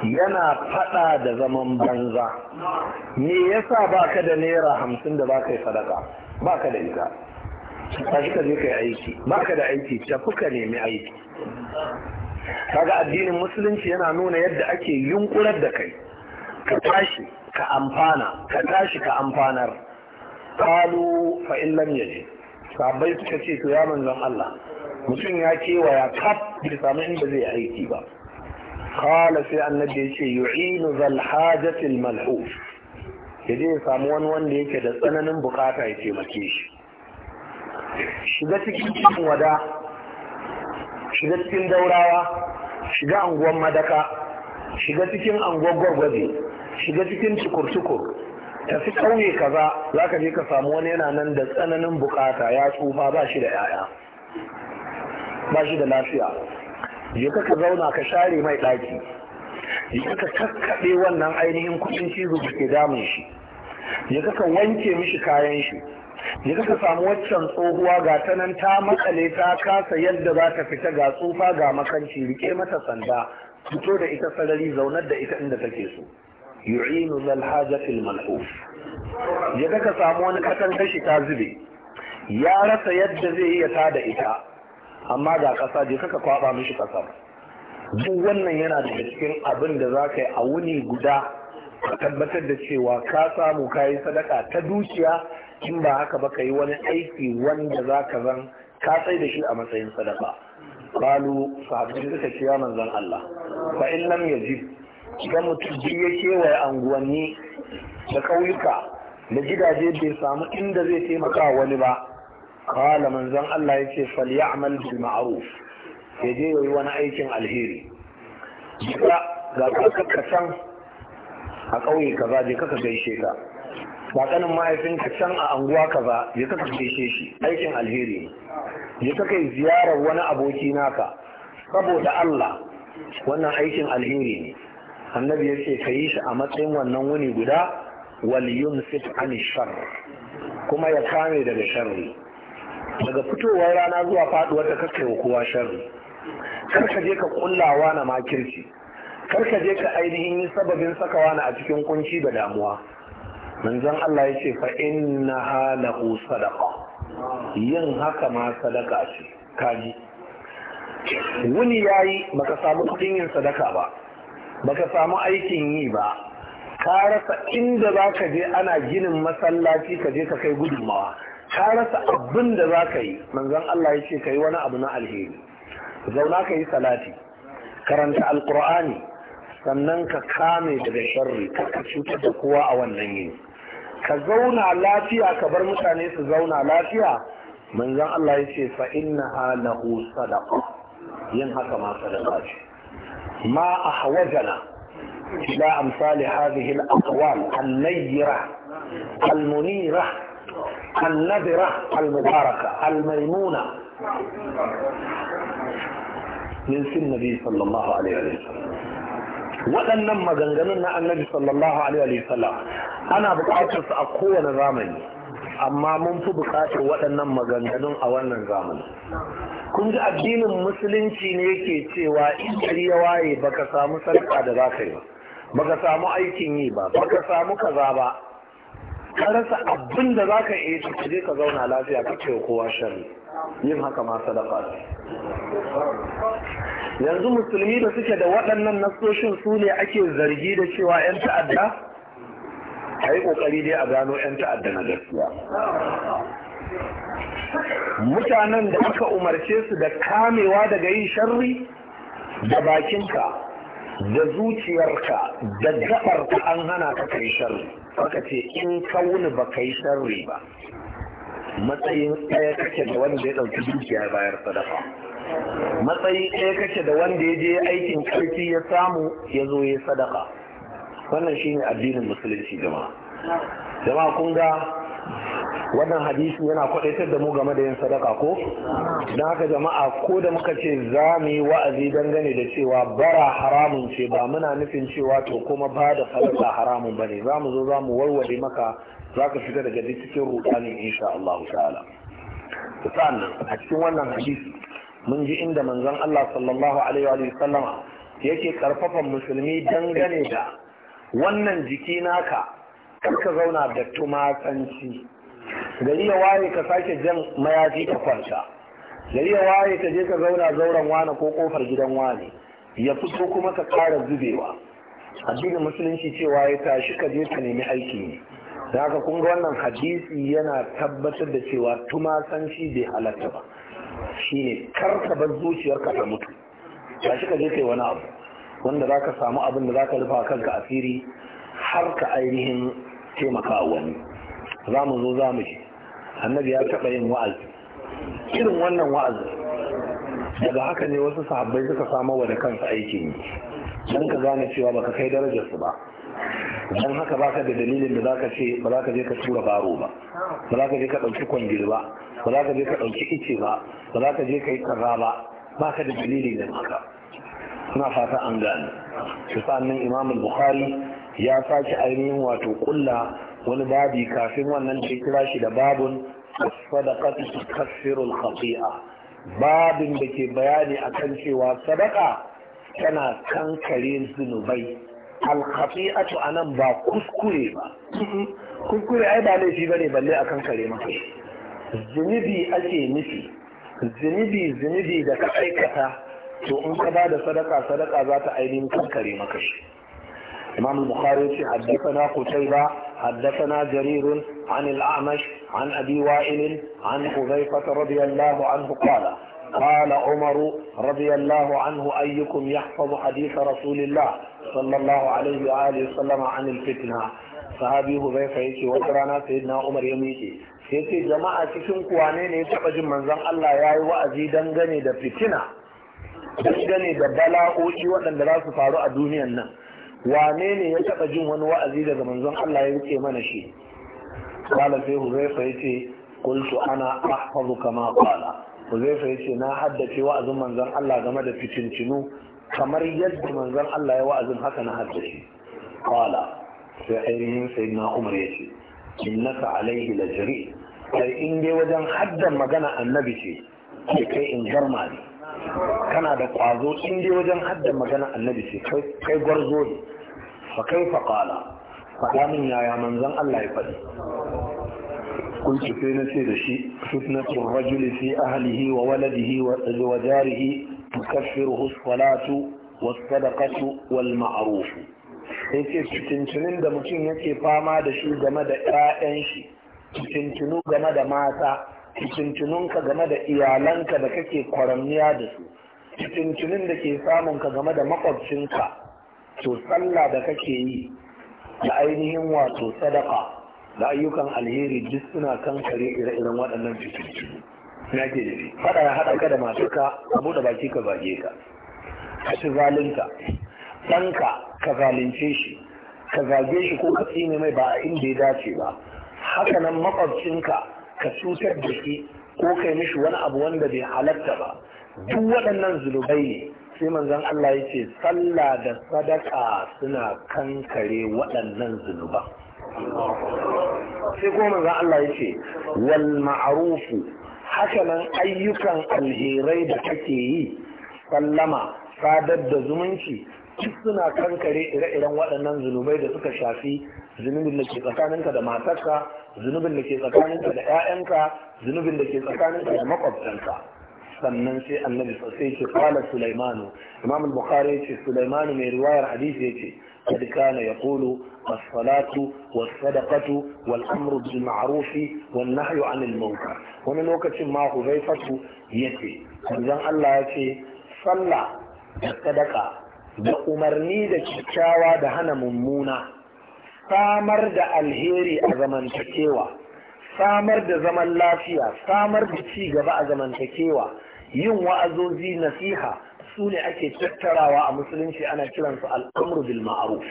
yana faɗa da zaman banza me yasa baka da naira hamsin da baka yi sadaka baka da ita tashi ka je ka yi aiki baka da aiki tafi ka nemi aiki kaga addinin musulunci yana nuna yadda ake yunkurar da kai ka tashi ka amfana ka tashi ka amfanar kalu fa sahabbai suka ce to ya manzon Allah mutum ya kewaya kaf bai samu inda zai aiki ba kala sai annabi ya ce yu'inu zal hajatil malhuf ya je ya samu wani wanda yake da tsananin bukata ya taimake shi shiga cikin cikin wada shiga cikin daurawa shiga anguwan madaka shiga cikin anguwan gwargwaje shiga cikin cikur-cikur tafi ƙauye kaza za ka je ka samu wani yana nan da tsananin bukata ya tsufa ba shi da yaya ba shi da lafiya je ka zauna ka share mai ɗaki je ka kakkaɓe wannan ainihin kuɗin cizo da ke damun shi je ka wanke mishi kayan shi je ka samu waccan tsohuwa ga ta nan ta matsale ta kasa yadda za ta fita ga tsufa ga makanci rike mata sanda fito da ita sarari zaunar da ita inda take so yu'inu lal al mal'uf ya ka samu wani katan kashi ta zube ya rasa yadda zai iya tada ita amma ga kasa je kaka kwaba mishi ƙasar. duk wannan yana da cikin abin da za ka a wuni guda ka tabbatar da cewa ka samu kayi sadaka ta dukiya in ba haka ba ka yi wani aiki wanda za ka zan ka sai da shi a matsayin sadaka qalu sahabbai suka ce ya manzon Allah fa in lam yajib idan mutum ji ya kewaye anguwanni da ƙauyuka da gidaje bai samu inda zai taimaka wani ba kala manzon Allah ya ce ya'mal bil ma'ruf ya je yayi wani aikin alheri ga ga ka can a ƙauye kaza je kaka gaishe ka ba kanin mahaifinka can a anguwa kaza je kaka gaishe shi aikin alheri ne je kaka ziyarar wani aboki naka saboda Allah wannan aikin alheri ne annabi ya ce ka yi shi a matsayin wannan wuni guda waliyun sit an shar kuma ya kame daga sharri daga fitowar rana zuwa faduwar ta kakai wa kowa sharri kar ka je ka kullawa na makirci kar ka je ka ainihin yi sababin sakawa na a cikin kunci da damuwa manzon Allah ya ce fa inna halahu sadaqa yin haka ma sadaka ce kaji wuni yayi baka samu kudin yin sadaka ba baka samu aikin yi ba ka rasa inda za ka je ana ginin masallaci ka je ka kai gudunmawa karasa rasa abin da za ka yi manzon Allah ya ce ka yi wani abu na alheri zauna ka yi salati karanta alkur'ani sannan ka kame daga sharri ka cutar da kowa a wannan yini ka zauna lafiya ka bar mutane su zauna lafiya manzon Allah ya ce fa inna lahu sadaqa yin haka ma sadaqa ce ما أحوجنا إلى أمثال هذه الأقوال النيرة المنيرة النذرة المباركة الميمونة من سن النبي صلى الله عليه وسلم ولن maganganun na النبي صلى الله عليه وسلم أنا buƙatar أقوى نظامي amma mun fi bukatar waɗannan maganganun a wannan zamani kun ji addinin musulunci ne yake cewa in gari ya waye baka samu sarka da za ka yi ba baka samu aikin yi ba baka samu kaza ba ka rasa abin da za ka iya ci ka zauna lafiya ka ce kowa shari yin haka ma sadaka yanzu musulmi da suke da waɗannan nasoshin su ne ake zargi da cewa 'yan ta'adda a yi ƙoƙari dai a gano 'yan ta'adda na gaskiya mutanen da aka umarce su da kamewa daga yin sharri da bakinka da zuciyarka da gabarka an hana ka kai sharri aka ce in ka wuni ba kai sharri ba matsayin ɗaya kake da wanda ya ɗauki dukiya bayar sadaka matsayin ɗaya kake da wanda ya je aikin ƙarfi ya samu ya zo ya sadaka wannan shine addinin musulunci jama'a jama'a kun ga wannan hadisi yana kwadaitar da mu game da yin sadaka ko don haka jama'a ko da muka ce za mu yi wa'azi dangane da cewa bara haramun ce ba muna nufin cewa to kuma ba da sadaka haramun bane za mu zo za mu warware maka za ka fita daga cikin rudanin insha Allah ta'ala sannan a cikin wannan hadisi mun ji inda manzon Allah sallallahu alaihi wa sallama yake karfafa musulmi dangane da wannan jiki naka kar ka zauna da tumatsanci gari ya waye ka sake jan mayafi ka kwanta gari ya waye ka je ka zauna zauren wane ko kofar gidan wane ya fito kuma ka ƙara zubewa addinin musulunci cewa ya tashi ka je ka nemi aiki ne da haka kun wannan hadisi yana tabbatar da cewa tumatsanci bai halatta ba shine kar ka bar zuciyarka ta mutu tashi ka je kai wani abu wanda za ka samu abin da za ka rufa kanka asiri har ka ainihin taimaka wani za mu zo za mu ji annabi ya taɓa yin wa'azi irin wannan wa'azi daga haka ne wasu sahabbai suka samo wa da kansu aikin yi don ka gane cewa baka kai darajar su ba don haka ka da dalilin da ka ce ba za ka je ka tura baro ba ba za ka je ka ɗauki kwangil ba ba za ka je ka ɗauki ice ba ba za ka je ka yi kaza ba baka da dalilin da maka. na fata an gane su sannan imam bukhari ya sake ainihin wato kulla wani babi kafin wannan ce kira shi da babun sadaka tukaffiru al babin da ke bayani akan cewa sadaka tana kankare zunubai alkhati'atu a anan ba kuskure ba kuskure ai ba laifi bane balle a kankare maka zunubi ake nufi zunubi zunubi da ka aikata to in ka ba da sadaka sadaka za ta ainihin kankare maka shi imam bukhari ce haddathana qutayba haddathana jarir an al-a'mash an abi wa'il an hudhayfa radiyallahu anhu qala قال عمر رضي الله عنه أيكم يحفظ حديث رسول الله صلى الله عليه وآله وسلم عن الفتنة صحابي حذيفة يجي وترانا سيدنا عمر يميجي yace jama'a cikin kuwane ne ya taɓa jin manzon Allah yi wa'azi dangane da fitina dangane da bala'o'i waɗanda za su faru a duniyan nan wane ne ya taɓa jin wani wa'azi daga manzon Allah ya rike mana shi kala sai huzaifa ya ce kultu ana ahfazu kama kala huzaifa ya ce na haddace wa'azin manzon Allah game da fitincinu kamar yadda manzon Allah ya wa'azin haka na haddace kala sai ainihin sai na umar ya ce innaka alaihi lajri Kai in dai wajen haddan magana annabi ce kai in garma ne kana da ƙwazo in dai wajen haddar magana annabi ce kai gwarzo ne fa kai fa ƙala faɗa min yaya manzan Allah ya faɗi kun ci sai na ce da shi fitnatun rajuli fi ahlihi wa waladihi wa tsaji wa jarihi tukaffir husfalatu wa sadaqatu wal ma'ruf sai ce cincinin da mutum yake fama da shi game da ƴaƴan shi cincinu game da mata ka game da iyalanka da kake kwaramniya da su cincinin da ke samun ka game da makwabcinka to sallah da kake yi da ainihin wato sadaka da ayyukan alheri duk suna kan kare ire-iren waɗannan cincinu na ke da faɗa ya haɗa ka da ka a buɗe baki ka zage ka ka ci zalinka ɗanka ka zalunce shi ka zage shi ko ka tsine mai ba a inda ya dace ba haka nan makwabcinka ka cutar da shi ko kai mishi wani abu wanda bai halatta ba duk waɗannan zunubai ne sai manzon Allah ya ce sallah da sadaka suna kankare waɗannan zunuban sai kuma manzon Allah ya ce wal ma'rufu hakanan ayyukan alherai da kake yi sallama sadar da zumunci duk suna kankare ire-iren waɗannan zunubai da suka shafi zunubin da ke tsakaninka da matarka zunubin da ke tsakaninka da 'ya'yanka zunubin da ke tsakaninka da makwabtanka sannan sai annabi sosai ce qala sulaimanu imam bukhari ce sulaimanu mai riwayar hadisi yace kad kana yaqulu as-salatu was-sadaqatu wal-amru bil-ma'ruf wan-nahyu 'anil munkar wani lokacin ma huzaifatu yace idan Allah yace sallah da sadaka da umarni da kyakkyawa da hana mummuna samar da alheri a zamantakewa samar da zaman lafiya samar da ci gaba a zamantakewa yin wa'azozi nasiha su ne ake tattarawa a musulunci ana kiransa al'amru bil ma'ruf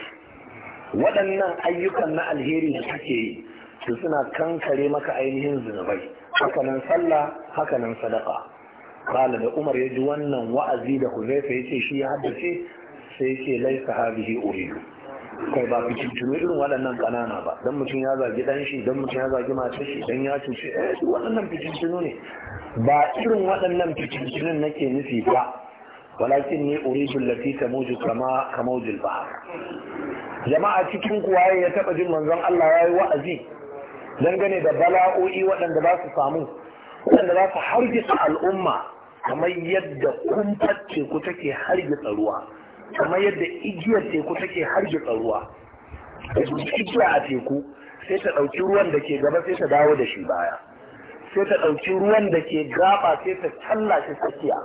waɗannan ayyukan na alheri da kake yi su suna kankare maka ainihin zunubai hakanan sallah hakanan sadaka kala da umar ya ji wannan wa'azi da huzaifa ya ce shi ya haddace sai ya ce laisa hadihi uridu kai ba fitintunu irin waɗannan ƙanana ba don mutum ya zagi ɗan shi don mutum ya zagi matar shi don ya cuce su eh, waɗannan fitintunu ne ba irin waɗannan fitintunun nake nufi ba walakin ne uridu lati tamuju kama kamawjul bahr jama'a cikin waye ya taɓa jin manzon Allah yayi wa'azi dangane da bala'o'i waɗanda za su samu waɗanda za su hargitsa al'umma kamar yadda kumfar teku take hargitsa ruwa kamar yadda igiyar teku take hargitsa ruwa da igiya a teku sai ta ɗauki ruwan da ke gaba sai ta dawo da shi baya sai ta ɗauki ruwan da ke gaba sai ta talla shi tsakiya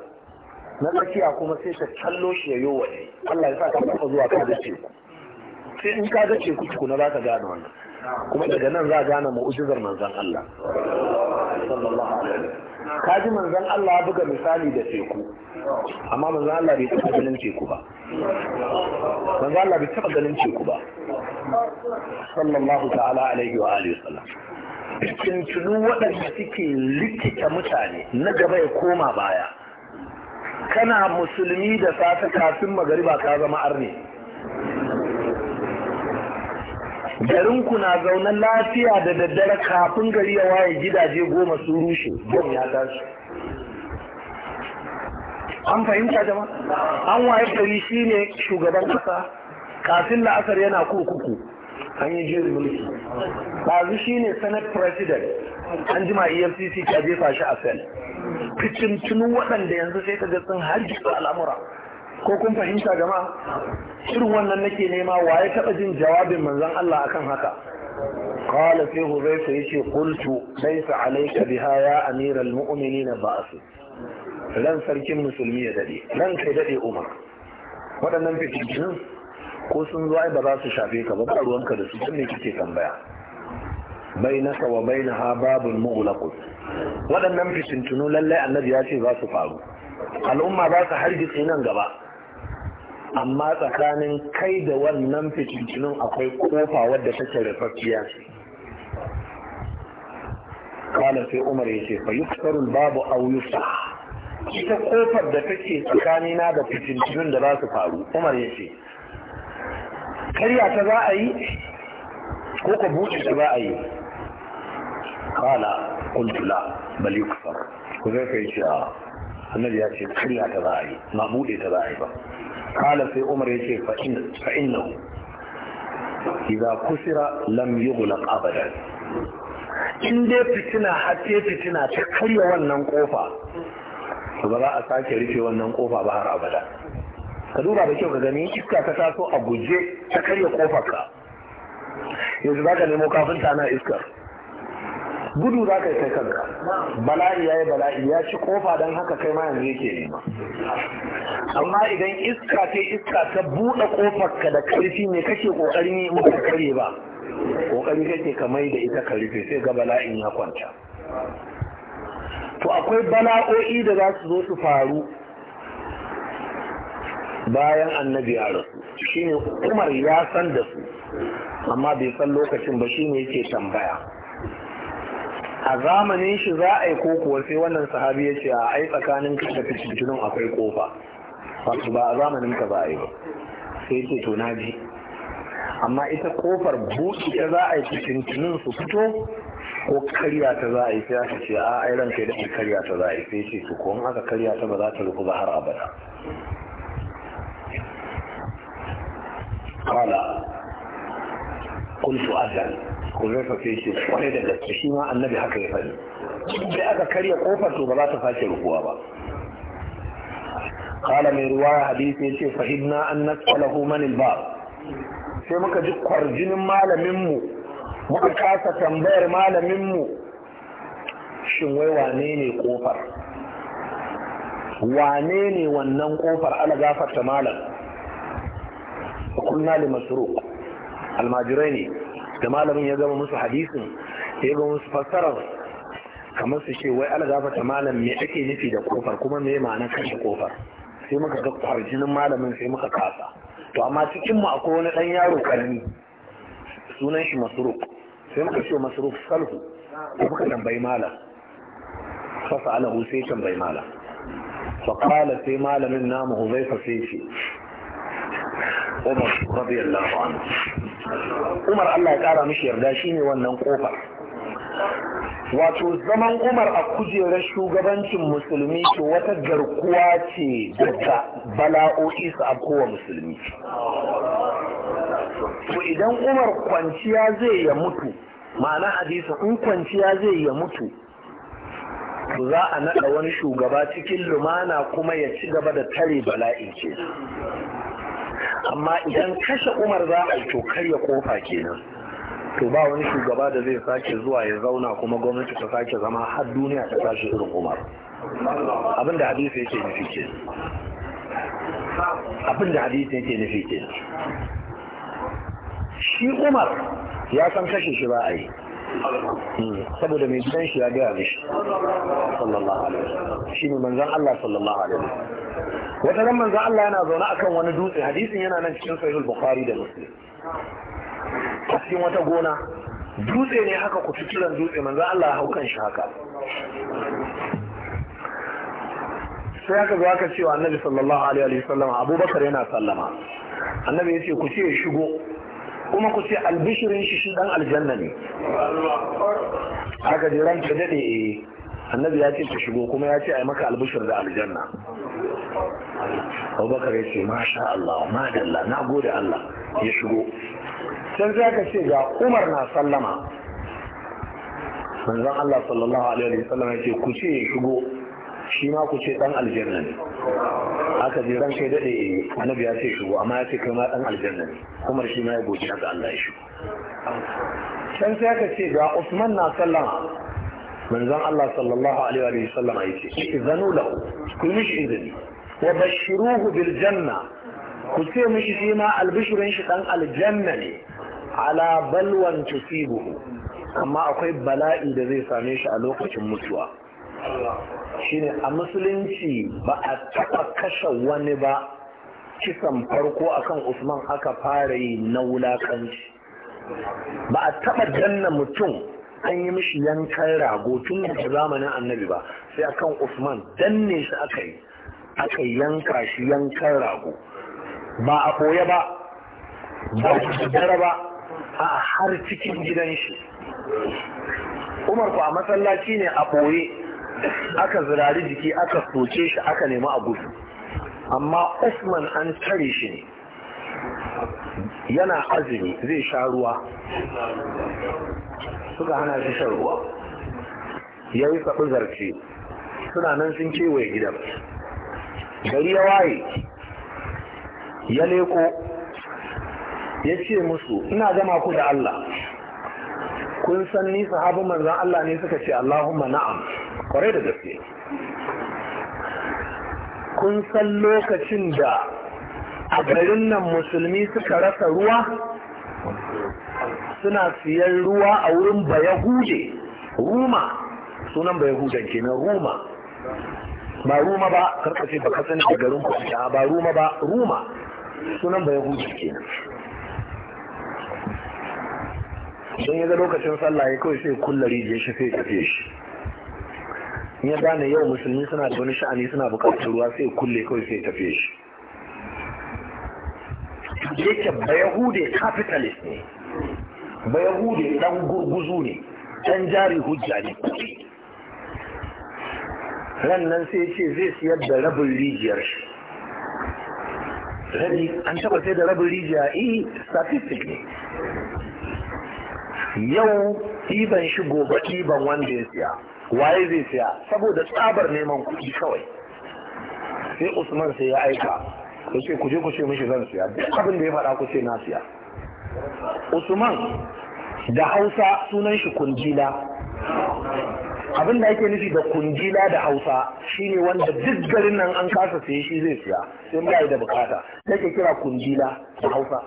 na tsakiya kuma sai ta tallo shi ya yi ne Allah ya sa ka zuwa ka ga teku sai in ka ga teku tukuna za ka gane wannan kuma daga nan za a gane mu'ujizar manzan Allah sallallahu alaihi kaji manzan Allah buga misali da teku amma manzan Allah bai taɓa ganin teku ba manzan Allah bai taɓa ganin teku ba sallallahu ta'ala alaihi wa alihi wasallam tuntunu waɗanda suke likita mutane na gaba ya koma baya kana musulmi da safe kafin magariba ka zama arne garin na zaune lafiya da daddare kafin gari ya waye gidaje goma sun rushe bom ya tashi an fahimta jama an waye gari shine shugaban kasa kafin la'asar yana kurkuku an yi jirin mulki shi shine senate president an jima efcc ta jefa shi a sel fitin waɗanda yanzu sai ka ga sun harjika al'amura ko kun fahimta gama? irin wannan nake nema wa ya taɓa jin jawabin manzon Allah akan haka qala fi hudayfa yace qultu laysa alayka biha ya amiral mu'minina ba'as ran sarkin musulmi ya dade ran kai dade umar waɗannan fitinin ko sun zo ai ba za su shafe ka ba ba ruwanka da su tun ne kike tambaya Bai bainaka wa bainaha babul mughlaqun waɗannan fitintunu lallai annabi ya ce za su faru al'umma za su hargitse nan gaba amma tsakanin kai da wannan fitintinin akwai kofa wadda take rufaffiya kala sai umar ya ce fayyukarun babu auyusa ita kofar da take tsakanina da fitintinin da za su faru umar ya ce karya ta za a yi ko ka buɗe ta za a yi kala kuntula bal yukfar ku zai kai ce a annabi ya ce karya ta za a yi ma buɗe ta za a yi ba kala sai umar ya ce fa'in nan iza kusira lam yi gula abadan in dai fitina hace fitina ta karya wannan kofa ba za a sake rufe wannan kofa ba har abada ka duba da kyau ka gani iska ta taso a guje ta karya kofar ka yanzu za ka nemo kafinta na iskar gudu za ka yi kai kanka bala'i ya yi bala'i ya ci kofa don haka kai ma yake nema amma idan iska ce iska ta buɗe kofarka da karfi ne kake ƙoƙarin yi ba kare ba ƙoƙari kake ka mai da ita ka sai ga bala'in ya kwanta to akwai bala'o'i da za su zo su faru bayan annabi ya rasu shine umar ya san da su amma bai san lokacin ba shine yake tambaya a zamanin shi za a yi koko sai wannan sahabi ya ce a ai tsakanin ka da fitintunin akwai kofa wato ba a zamanin ka za a yi ba sai ce to na ji amma ita kofar buɗe ta za a yi fitinin su fito ko karya ta za a yi sai aka ce a ai ranka da karya ta za a yi sai ce to ko in aka karya ta ba za ta rufu ba har abada قال قلت أذن huzaifa sai shi? kwarai da gaske shi ma annabi haka ya faɗi da aka karya kofar to ba za ta sake rufuwa ba kala mai ruwa hadisi ya ce fahimna an nasalahu manil ba sai muka ji kwarjinin malaminmu muka kasa tambayar malaminmu shin wai wane ne kofar wane ne wannan kofar ala gafarta malam kunna li masruq almajirai ne da malamin ya gama musu hadisin ya gama musu fassarar kamar su ce wai algafa ta malam me ake nufi da kofar kuma me ma'anar kashe kofar sai muka ga kwarjinin malamin sai muka kasa to amma cikin mu akwai wani dan yaro karni sunan shi masruf sai muka ce masruf salhu ko muka tambayi malam fasa alahu sai tambayi malam فقال في مال من نام هذيفة shi Umar radiyallahu anhu Umar Allah ya kara mishi yarda shi ne wannan kofa wato zaman Umar a kujerar shugabancin musulmi to wata garkuwa ce daga bala'o'i su afkowa musulmi to idan Umar kwanciya zai ya mutu ma'ana hadisi in kwanciya zai ya mutu to za a naɗa wani shugaba cikin lumana kuma ya ci gaba da tare bala'i ce amma idan kashe umar za a yi to karya kofa kenan to ba wani shugaba da zai sake zuwa ya zauna kuma gwamnati ta sake zama har duniya ta tashi irin umar abin da hadisi yake nufi ke abin da hadisi yake nufi ke shi umar ya san kashe shi ba a yi Hmm. saboda mai gidan shi ya gaya mishi sallallahu alaihi shi ne manzon Allah sallallahu alaihi wasallam wata ran manzon Allah yana zaune akan wani dutse hadisin yana nan cikin sahih bukhari da muslim a cikin wata gona dutse ne haka ku kiran dutse manzon Allah ya hau kan shi haka sai aka zo aka cewa annabi sallallahu alaihi wasallam abubakar yana sallama annabi ya ce ku ce shigo kuma ku ce albishirin shi shi dan aljanna ne haka jiran ka dade eh. annabi ya ce ka shigo kuma ya ce ai maka albishir da aljanna abubakar ya ce masha Allah madalla na gode Allah ya shigo can za ka ce ga umar na sallama manzon Allah sallallahu alaihi wa wasallam ya ce ku ce ya shigo shi ma ku ce dan aljanna ne aka je ran kai dade annabi ya ce shi shigo amma ya ce kai ma dan aljanna ne kuma shi ma ya goji ga Allah ya shigo can sai aka ce ga Usman na sallama manzon Allah sallallahu alaihi wa sallama ya ce izanu lahu ku mishi izini wa bashiruhu bil janna ku ce mishi shi ma albishirin shi dan aljanna ne ala balwan tusibuhu amma akwai bala'i da zai same shi a lokacin mutuwa shine a musulunci ba a taɓa kashe wani ba kisan farko akan usman aka fara yi na wulakanci ba a taɓa danna mutum an yi mishi yankan rago tun daga zamanin annabi ba sai akan usman danne shi aka yi aka yanka shi yankan rago ba a ɓoye ba ba a dare ba a har cikin gidan shi umar ku a masallaci ne a ɓoye aka zirari jiki aka soke shi aka nemi a gudu amma usman an tare shi ne yana azumi zai sha ruwa suka hana shi shan ruwa ya yi saɓi zarce suna nan sun kewaye gidan gari ya waye ya leko ya ce musu ina gama ku da Allah kun san ni sahabin manzan Allah ne suka ce Allahumma na'am kwarai da gaske kun san lokacin da a garin nan musulmi suka rasa ruwa suna siyan ruwa a wurin bayahude ruma sunan bayahudan kenan ruma ba ruma ba karkace ba kasan da garin kwanta ba ruma ba ruma sunan bayahude kenan don ya ga lokacin sallah ya kawai sai kullari jeshi shi sai tafiye shi in ya gane yau musulmi suna da wani sha'ani suna bukatar ruwa sai kulle kawai sai tafiye shi yake bayahude capitalist ne bayahude dan gurguzu ne dan jari hujja ne ran nan sai ce zai siyar da rabin rijiyar shi rabi an taba sai da rabin rijiya eh statistic ne yau iban shi gobe ɗiban wanda ya siya waye zai siya saboda tsabar neman kuɗi kawai sai usman sai ya aika ya ce kuje je ku ce mishi zan siya duk abin da ya faɗa ku ce na siya usman da hausa sunan shi kunjila abin da ake nufi da kunjila da hausa shine wanda duk garin nan an kasa sai shi zai siya Sai ba da bukata sai ke kira kunjila da hausa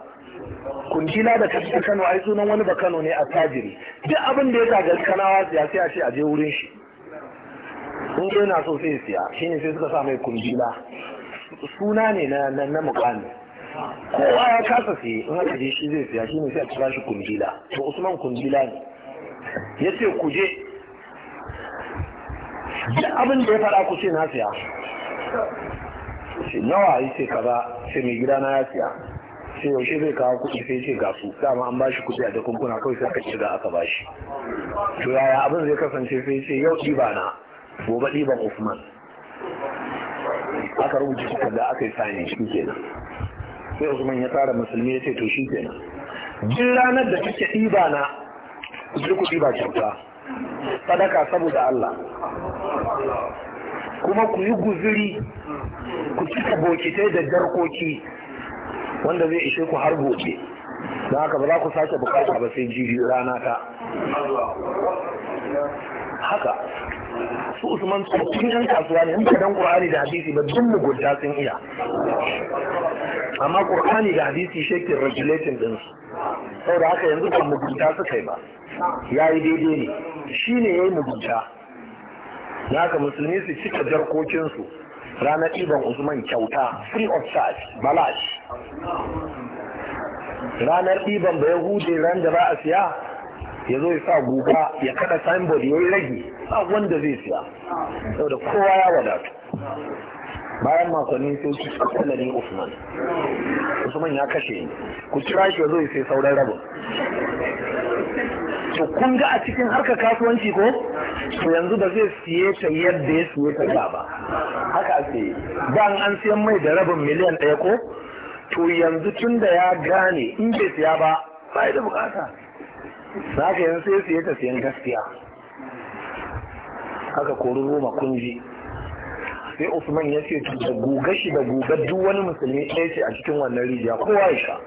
kunjila da kashi kano ai sunan wani bakano ne a tajiri duk abin da ya gagari kanawa siya sai a ce a je wurin shi in ko yana so sai siya ne sai suka sa mai kundila suna ne na na mukami kowa ya kasa sai in aka je shi zai siya shi ne sai a kira shi kundila to usman kundila ne ya ce ku je duk abin da ya fara ku ce na siya nawa yi ce kaza sai mai gida na ya siya sai yaushe zai kawo kuɗi sai ce ga su dama an bashi kuɗi a jakunkuna kawai sai aka ga aka bashi to yaya abin zai kasance sai ce yau ɗiba na gobe ɗiban usman aka rubuta cikin da aka yi sani shi kenan sai usman ya tsara musulmi ya ce to shi kenan Jin ranar da kake ɗiba na ku ɗiba kyauta sadaka saboda Allah kuma ku yi guzuri ku cika bokitai da jarkoki wanda zai ishe ku har gobe don haka ba za ku sake bukata ba sai jibi rana ta haka su usman tsoffin yan kasuwa ne in ba dan qur'ani da hadisi ba duk mugunta sun iya amma qur'ani da hadisi shekin regulating din su da haka yanzu ba mugunta suka yi ba ya yi daidai ne shi ne ya yi mugunta na musulmi su cika jarkokinsu ranar ɗiban usman kyauta free of charge balash ranar ɗiban ba yahude ran da za a siya ya zo ya sa guga ya kada signboard ya yi rage ba wanda zai siya saboda kowa ya wadatu bayan makonni sai su kakwala ne Usman Usman ya kashe ni ku kira shi ya zo ya sai sauran rabin to kun ga a cikin harka kasuwanci ko to yanzu ba zai siye ta yadda ya siye ta ba haka ake ban an siyan mai da rabin miliyan ɗaya ko to yanzu tun da ya gane in bai siya ba bai da bukata sake yin sai siye ta gaskiya haka kori roma kunji sai usman ya ce da guga shi da guga duk wani musulmi ɗaya ce a cikin wannan rijiya kowa ya sha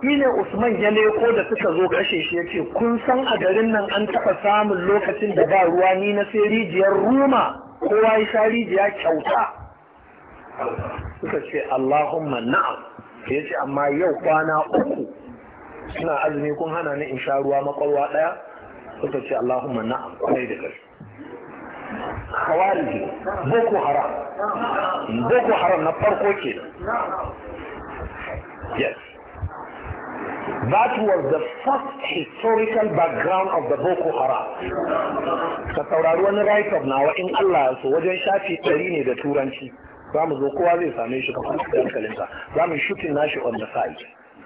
shi ne usman ya leko da suka zo kashe shi ya ce kun san a garin nan an taɓa samun lokacin da ba ruwa ni na sai rijiyar roma kowa ya sha rijiya kyauta suka ce allahumma na'am ya ce amma yau kwana uku suna azumi kun hana ni in sha ruwa makwarwa daya suka ce Allahumma na'am kai da kai khawariji boko haram boko haram na farko ke yes That was the first historical background of the Boko Haram. Ka taurari wani right of nawa in Allah so wajen shafi ɗari ne da turanci. Za mu zo kowa zai same shi ka kuma hankalinsa. Za mu shutin nashi on the side.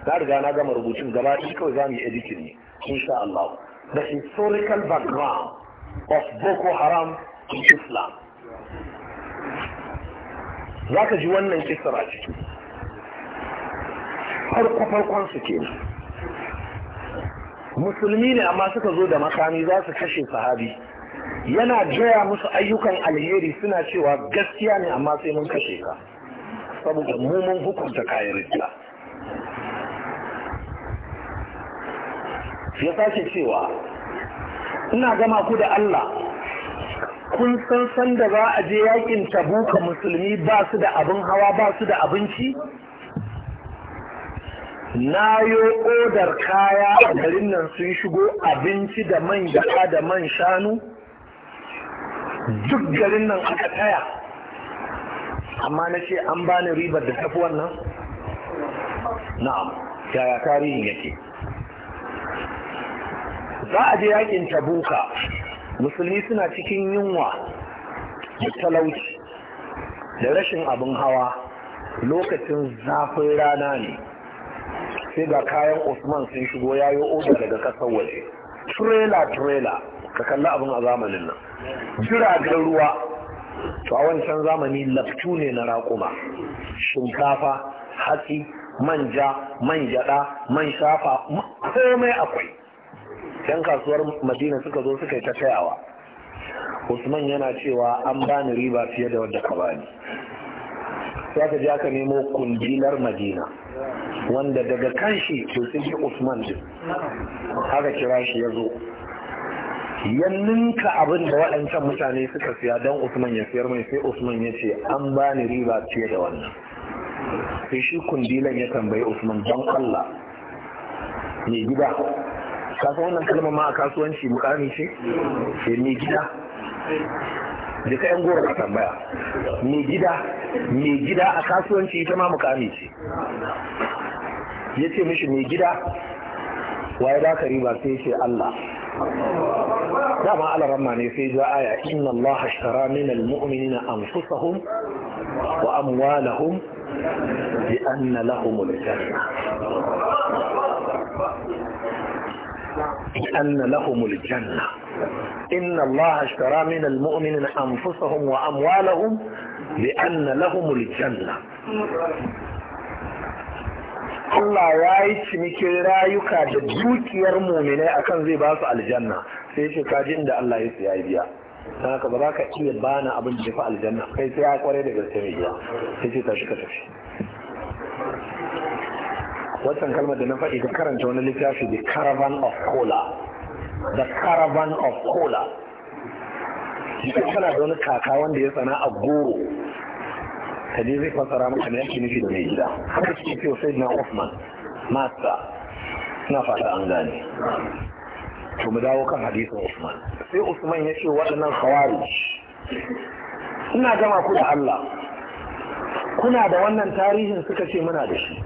na riga na gama rubutun gaba ɗaya kawai za mu yi edikin ne insha Allah the historical background of Boko Haram in Islam za ka ji wannan kisar a ciki farko farkon su ke musulmi ne amma suka zo da makami za su kashe sahabi yana jaya musu ayyukan alheri suna cewa gaskiya ne amma sai mun kashe ka saboda mu mun hukunta kayan rikila ya sake cewa ina gama ku da Allah kun san san da za a je yakin tabuka musulmi ba su da abin hawa ba su da abinci na yi odar kaya a garin nan sun shigo abinci da man gaba da man shanu duk garin nan aka taya amma na ce an bani ribar da tafi wannan na'am yaya tarihin yake za a je yakin tabuka musulmi suna cikin yunwa da talauci da rashin abin hawa lokacin zafin rana ne sai ga kayan usman sun shigo yayo oda daga kasar waje trailer-trailer ka kalli abin a zamanin nan jiragen ruwa to a wancan zamani laftu ne na raƙuma shinkafa hatsi manja man gyaɗa man shafa komai akwai yan kasuwar madina suka zo suka yi ta tayawa usman yana cewa an bani riba fiye da wadda ka bani ya ka ja ka nemo kundilar madina wanda daga kanshi to sai usman din haka kira shi ya zo ya abin da waɗancan mutane suka siya don usman ya siyar mai sai usman ya ce an bani riba fiye da wannan sai shi kundilan ya tambayi usman don allah mai gida san wannan kalmar ma a kasuwanci mukami ce ce eh, mai gida da ka yan goro ka tambaya mai gida mai gida a kasuwanci ita ma mukami ce ya ce mishi mai gida waye ba ka riba sai ce Allah dama alaramma ne sai ja aya inna Allah ashtara min almu'minina anfusahum wa amwalahum bi anna lahum aljanna anna lahumul janna inna Allah ashtara min almu'minina anfusahum wa amwalahum bi anna Allah ya yi cinikin rayuka da dukiyar muminai akan zai ba su aljanna sai shi kaji inda Allah ya yi biya don haka ba za ka iya bani abin da fi aljanna kai sai ya kware da gaske mai biya sai ce ka tafi wancan kalmar da na faɗi ka karanta wani littafi the caravan of cola the caravan of cola shi kana da wani kaka wanda ya sana a goro ka je zai fasara maka na yake nufi da mai gida haka shi ke sai na Uthman masta na fata an gane to mu dawo kan hadisin Usman sai Usman ya ce waɗannan khawarij ina gama ku da Allah kuna da wannan tarihin suka ce muna da shi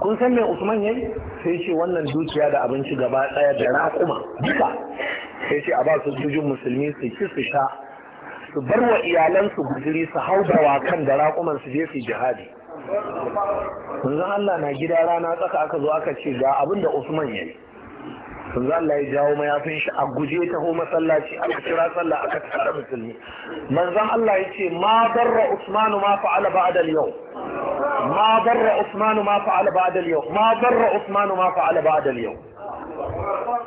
kun san mai usman yayi sai ce wannan dukiya da abinci gaba daya da raƙuma duka sai ce a ba su sojojin musulmi su ci su sha su bar wa iyalansu gudiri su hau dawakan da raƙuman su je su jihadi yanzu Allah na gida rana tsaka aka zo aka ce ga abin da Usman yayi sun Allah ya jawo mayafin shi a guje taho masallaci aka kira sallah aka tsara musulmi manzon Allah ya ce ma barra Usmanu ma fa'ala ba'da al-yau ma barra Usmanu ma fa'ala ba'da al-yau ma barra Usmanu ma fa'ala ba'da al-yau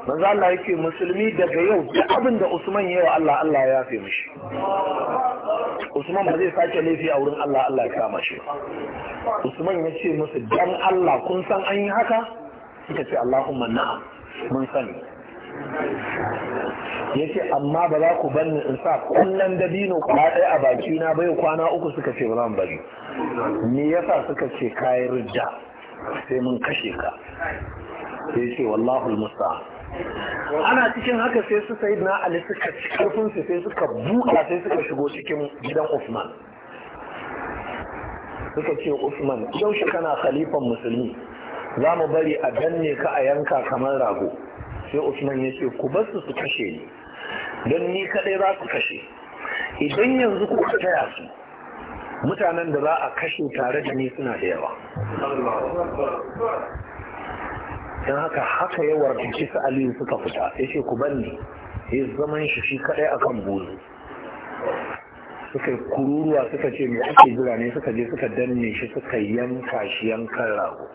manzon Allah ya ce musulmi daga yau duk abin da Usman yayi Allah Allah ya yafe mishi Usman ba zai sake laifi a wurin Allah Allah ya kama shi Usman ya ce musu dan Allah kun san an yi haka suka ce Allahumma na'am mun sani ya ce amma ba za ku banni in sa kullum dabino kuma ɗaya a baki na bai kwana uku suka ce ba zan bari me yasa suka ce kayan rujja sai mun kashe ka sai ce wallahu musta ana cikin haka sai su sayi na ali suka ci karfin su sai suka buɗa sai suka shigo cikin gidan Usman suka ce Usman yau shi kana khalifan musulmi za mu bari a danne ka a yanka kamar rago sai usman ya ce ku bar su kashe ni don ni kadai za su kashe idan yanzu kuka taya su mutanen da za a kashe tare da ni suna da yawa don haka haka yawar da su aliyu suka fita ya ce ku banne ya zaman shi shi kadai a kan bozu suka yi kururuwa suka ce mai ake jira ne suka je suka danne shi suka yanka shi yankan rago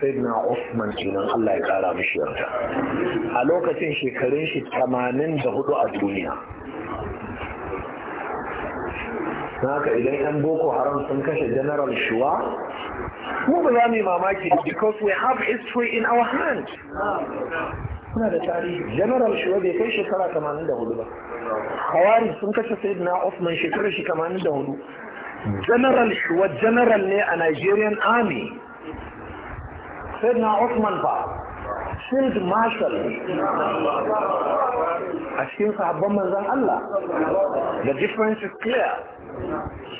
sayyidina Usman kenan Allah ya kara mishi yarda a lokacin shekarun shi 84 a duniya haka idan yan boko haram sun kashe general shuwa mu ba za mu yi mamaki because we have history in our hand suna da tarihi general shuwa bai kai shekara 84 ba hawari sun kashe sayyidina Usman shekarun shi 84 general Shuwa wa general ne a nigerian army sai na osman ba field marshal a cikin sahabban manzan allah the difference is clear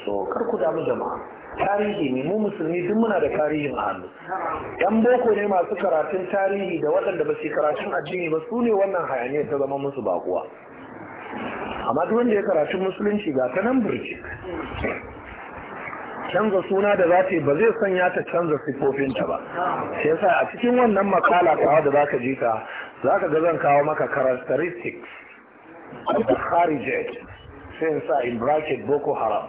so karku damu jama'a tarihi ne mu musulmi duk muna da tarihin a hannu yan boko ne masu karatun tarihi da waɗanda ba su karatun addini ba su ne wannan hayaniyar ta zama musu bakuwa amma duk wanda ya karatun musulunci ga ta nan birki. canza suna da za ta yi ba zai sanya ta canza siffofinta ba sai sai a cikin wannan makala kawa da ka ji ka zaka ga zan kawo maka characteristics of the harijet sai in sa in bracket boko haram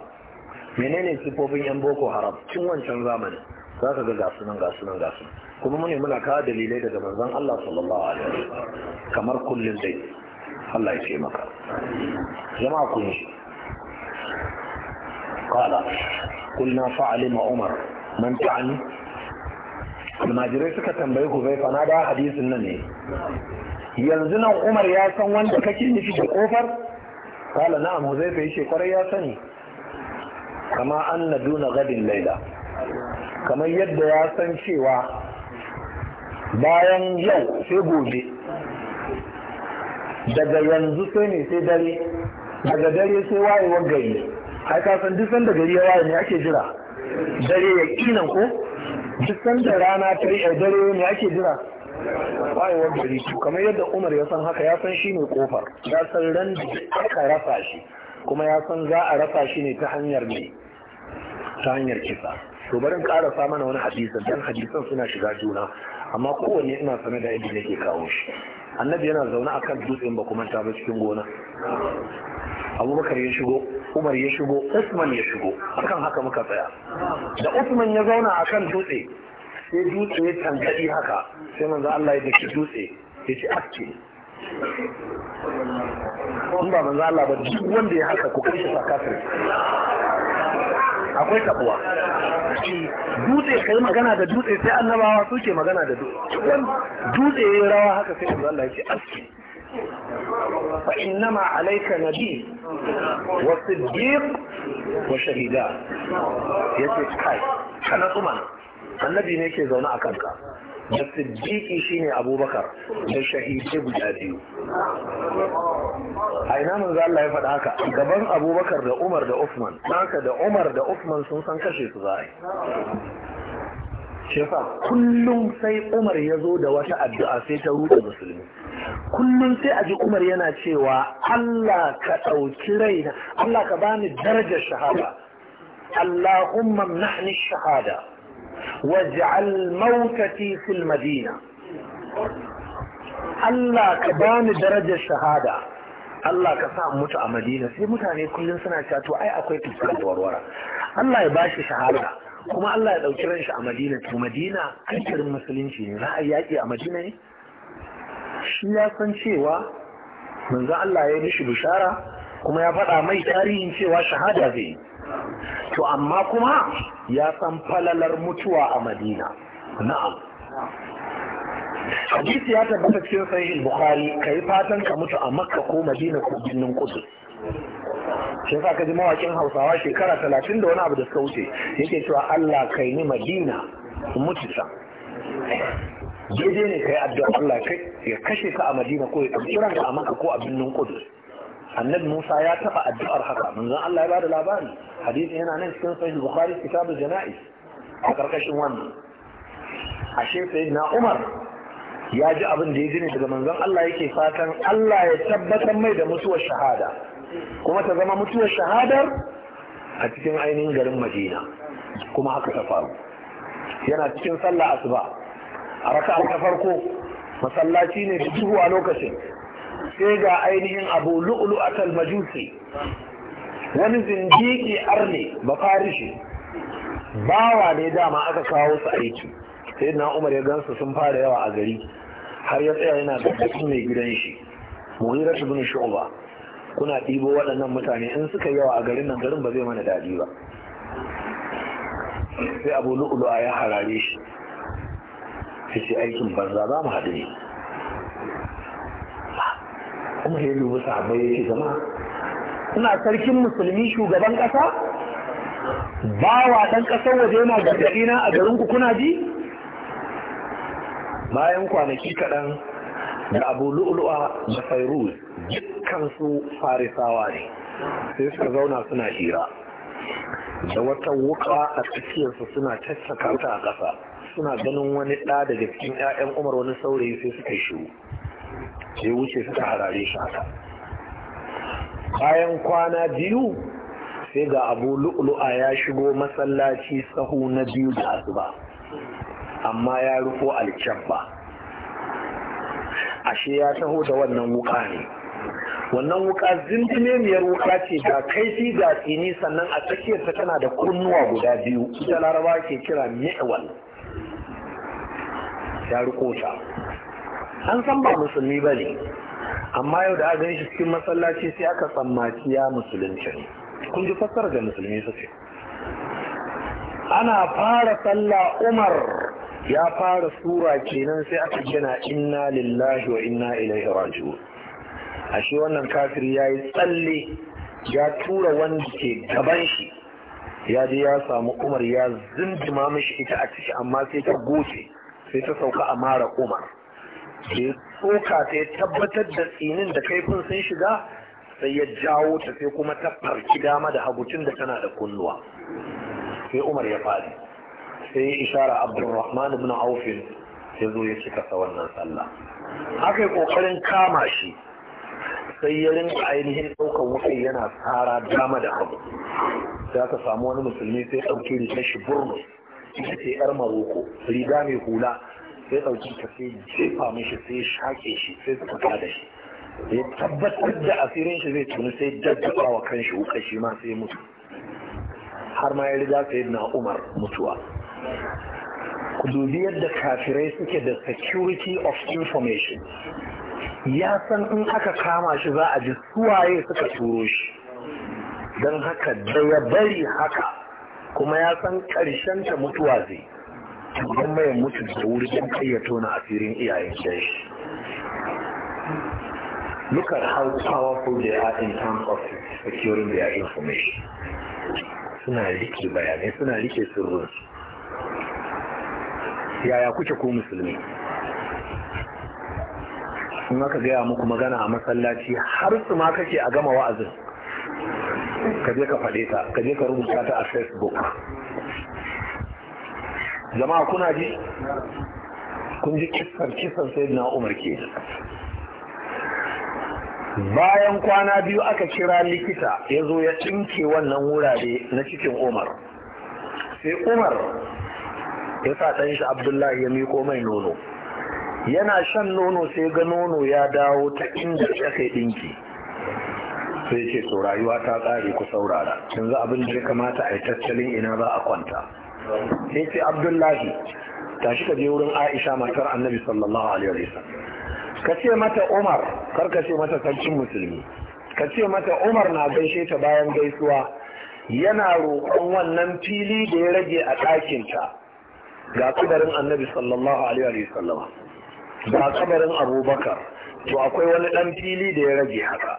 menene siffofin yan boko haram cin wancan zamani za ka ga gasu nan gasu nan gasu kuma mune muna kawo dalilai daga manzon Allah sallallahu alaihi kamar kullun dai Allah ya ce maka jama'a kun qala kulna fa'alima umar man ta'ani almajirai suka tambayi huzaifa na da hadisin nan ne yanzu nan umar ya san wanda kake nufi da kofar kala na'am huzaifa yace kwarai ya sani kama anna duna gadin laida. kamar yadda ya san cewa bayan yau sai gobe daga yanzu sai ne sai dare daga dare sai wayewar gari ai ka san duk sanda gari ya waye ne ake jira dare ya kinan ko duk sanda rana ta yi eh, dare ne ake jira wayewar gari to kamar yadda Umar ya san haka ya san shi ne kofa ya san ran da ka rafa shi kuma ya san za a rafa shi ne ta hanyar ne ta hanyar kisa to barin karasa mana wani hadisi dan hadisan suna shiga juna amma kowanne ina sane da yadda yake kawo shi annabi yana zaune akan dutsen ba kuma ta ba cikin gona abubakar ya shigo umar ya shigo usman ya shigo akan haka muka tsaya da usman ya zauna akan dutse sai dutse ya tangadi haka sai manzo Allah ya daki dutse ya ce aske in ba manzo Allah ba duk wanda ya haka ku kashe kafir. akwai tabuwa dutse kai magana da dutse sai annabawa suke magana da dutse dutse ya rawa haka sai manzo Allah ya ce aske فإنما عليك نبي وصديق وشهيدا يسي كاي كان طمنا النبي ne ke zaune a kanka da siddiqi shine abubakar da shahidai guda biyu a ina manzo Allah ya faɗa haka gaban abubakar da umar da usman haka da umar da usman sun san kashe su za shi kullum sai Umar ya zo da wata addu'a sai ta ruɗe musulmi kullum sai a ji Umar yana cewa Allah ka ɗauki raina Allah ka bani darajar shahada Allahumma nahni shahada waj'al mautati fil madina Allah ka bani darajar shahada Allah ka sa mutu a Madina sai mutane kullum suna cewa to ai akwai fiskar warwara Allah ya bashi shahada kuma Allah ya ɗauki ranshi a Madina to Madina kankirin musulunci ne ra'ayi yaƙi a Madina ne shi ya san cewa manzo Allah ya mishi bishara kuma ya faɗa mai tarihin cewa shahada zai yi to amma kuma ya san falalar mutuwa a Madina na'am hadisi ya tabbata cikin sahih bukhari kai fatan ka mutu a makka ko madina ko birnin Kudu.' shi yasa ka ji mawakin hausawa shekara talatin da wani abu da suka wuce yake cewa Allah kai ni madina mutisa daidai ne kai addu'a Allah ya kashe ka a madina ko ya ɗauki ka a maka ko a birnin kudu annabi musa ya taɓa addu'ar haka manzon Allah ya bada labari hadisi yana nan cikin sahih bukhari kitabul jana'is a karkashin wannan ashe na umar ya ji abin da ya ne daga manzon Allah yake fatan Allah ya tabbatar mai da mutuwar shahada kuma ta zama mutuwar shahadar a cikin ainihin garin madina kuma haka ta faru yana cikin sallah asuba a raka ta farko masallaci ne da duhu a lokacin sai ga ainihin abu lu'ulu atal sai, wani zindiki arne ba farishi bawa ne dama aka kawo su aiki sai na umar ya gansu sun fara yawa a gari har ya tsaya yana da mai gidan shi shi bin shu'ba kuna ɗibo waɗannan mutane in suka yawa a garin nan garin ba zai mana daɗi ba sai abu a ya harare shi sai ce aikin banza za mu haɗu ne kuma ya dubi sahabbai ya ce zama suna sarkin musulmi shugaban ƙasa bawa ɗan ƙasar waje yana gargaɗi na a garin ku kuna ji bayan kwanaki kaɗan da abu lu'lu'a da fairuz dukkan su farisawa ne sai suka zauna suna hira da wata wuka a tsakiyarsu suna tattaka ta a ƙasa suna ganin wani ɗa daga cikin 'ya'yan umar wani saurayi sai suka shiru sai wuce suka harare shi haka bayan kwana biyu sai ga abu lu'lu'a ya shigo masallaci sahu na biyu da asuba amma ya rufo alkyabba ashe ya taho da wannan wuka ne wannan wuka zindinemiyar wuka ce ga kaifi da tsini sannan a tsakiyarta tana da kunnuwa guda biyu ita laraba ke kira mi'wal ya riko ta an san ba musulmi ba ne amma yau da aka shi cikin masallaci sai aka tsammaci ya musulunci kun ji fassara ga musulmi suke ana fara sallah umar ya fara sura kenan sai aka gina inna lillahi wa inna ilaihi raji'un ashe wannan kafir yayi tsalle ya tura wanda ke gaban shi ya je ya samu umar ya zindima mishi ita a ciki amma sai ta goce sai ta sauka a mara umar da tsoka ta ya tabbatar da tsinin da kaifin sun shiga sai ya jawo ta sai kuma ta farki dama da tun da tana da kunnuwa sai umar ya fadi sai ya ishara abdulrahman ibn aufin ya zo ya cika sa wannan sallah aka yi kokarin kama shi sai ya rinka ainihin ɗaukar wukai yana tsara dama da hagu za ka samu wani musulmi sai ɗauki rigar shi burnu, ita ce yar maroko riga mai hula sai ɗauki ta sai jefa mishi sai shaƙe shi sai suka da shi ya tabbatar da asirin shi zai tuni sai daddaba wa kanshi wuka shi ma sai mutu har ma ya riga sai na umar mutuwa ku dubi yadda kafirai suke da security of information ya san in aka kama shi za a ji suwaye suka turo shi don haka da ya bari haka kuma ya san ƙarshen ta mutuwa zai don mai mutu da wuri don kayyato na asirin iyayen shi look at how powerful they are in terms of securing their information suna rike bayanai suna rike sirrinsu yaya kuke ko musulmi in aka gaya muku magana a masallaci har su ma kake a gama wa'azin ka je ka faɗe ta ka je ka rubuta ta a facebook jama'a kuna ji kun ji kisar kisar sai na umar ke bayan kwana biyu aka kira likita ya zo ya ɗinke wannan wurare na cikin umar sai umar ya sa ɗan shi abdullahi ya miko mai nono yana shan nono sai ga nono ya dawo ta inda ya kai ɗinki sai ce to rayuwa ta tsari ku saurara yanzu abin da ya kamata a yi tattalin ina za a kwanta sai ce abdullahi shi ka je wurin aisha matar annabi sallallahu alaihi sallam. ka ce mata umar kar ka ce mata sarkin musulmi ka ce mata umar na gaishe ta bayan gaisuwa yana roƙon wannan fili da ya rage a ɗakinta ga kabarin annabi sallallahu alaihi wa sallama ga kabarin abubakar to akwai wani dan fili da ya rage haka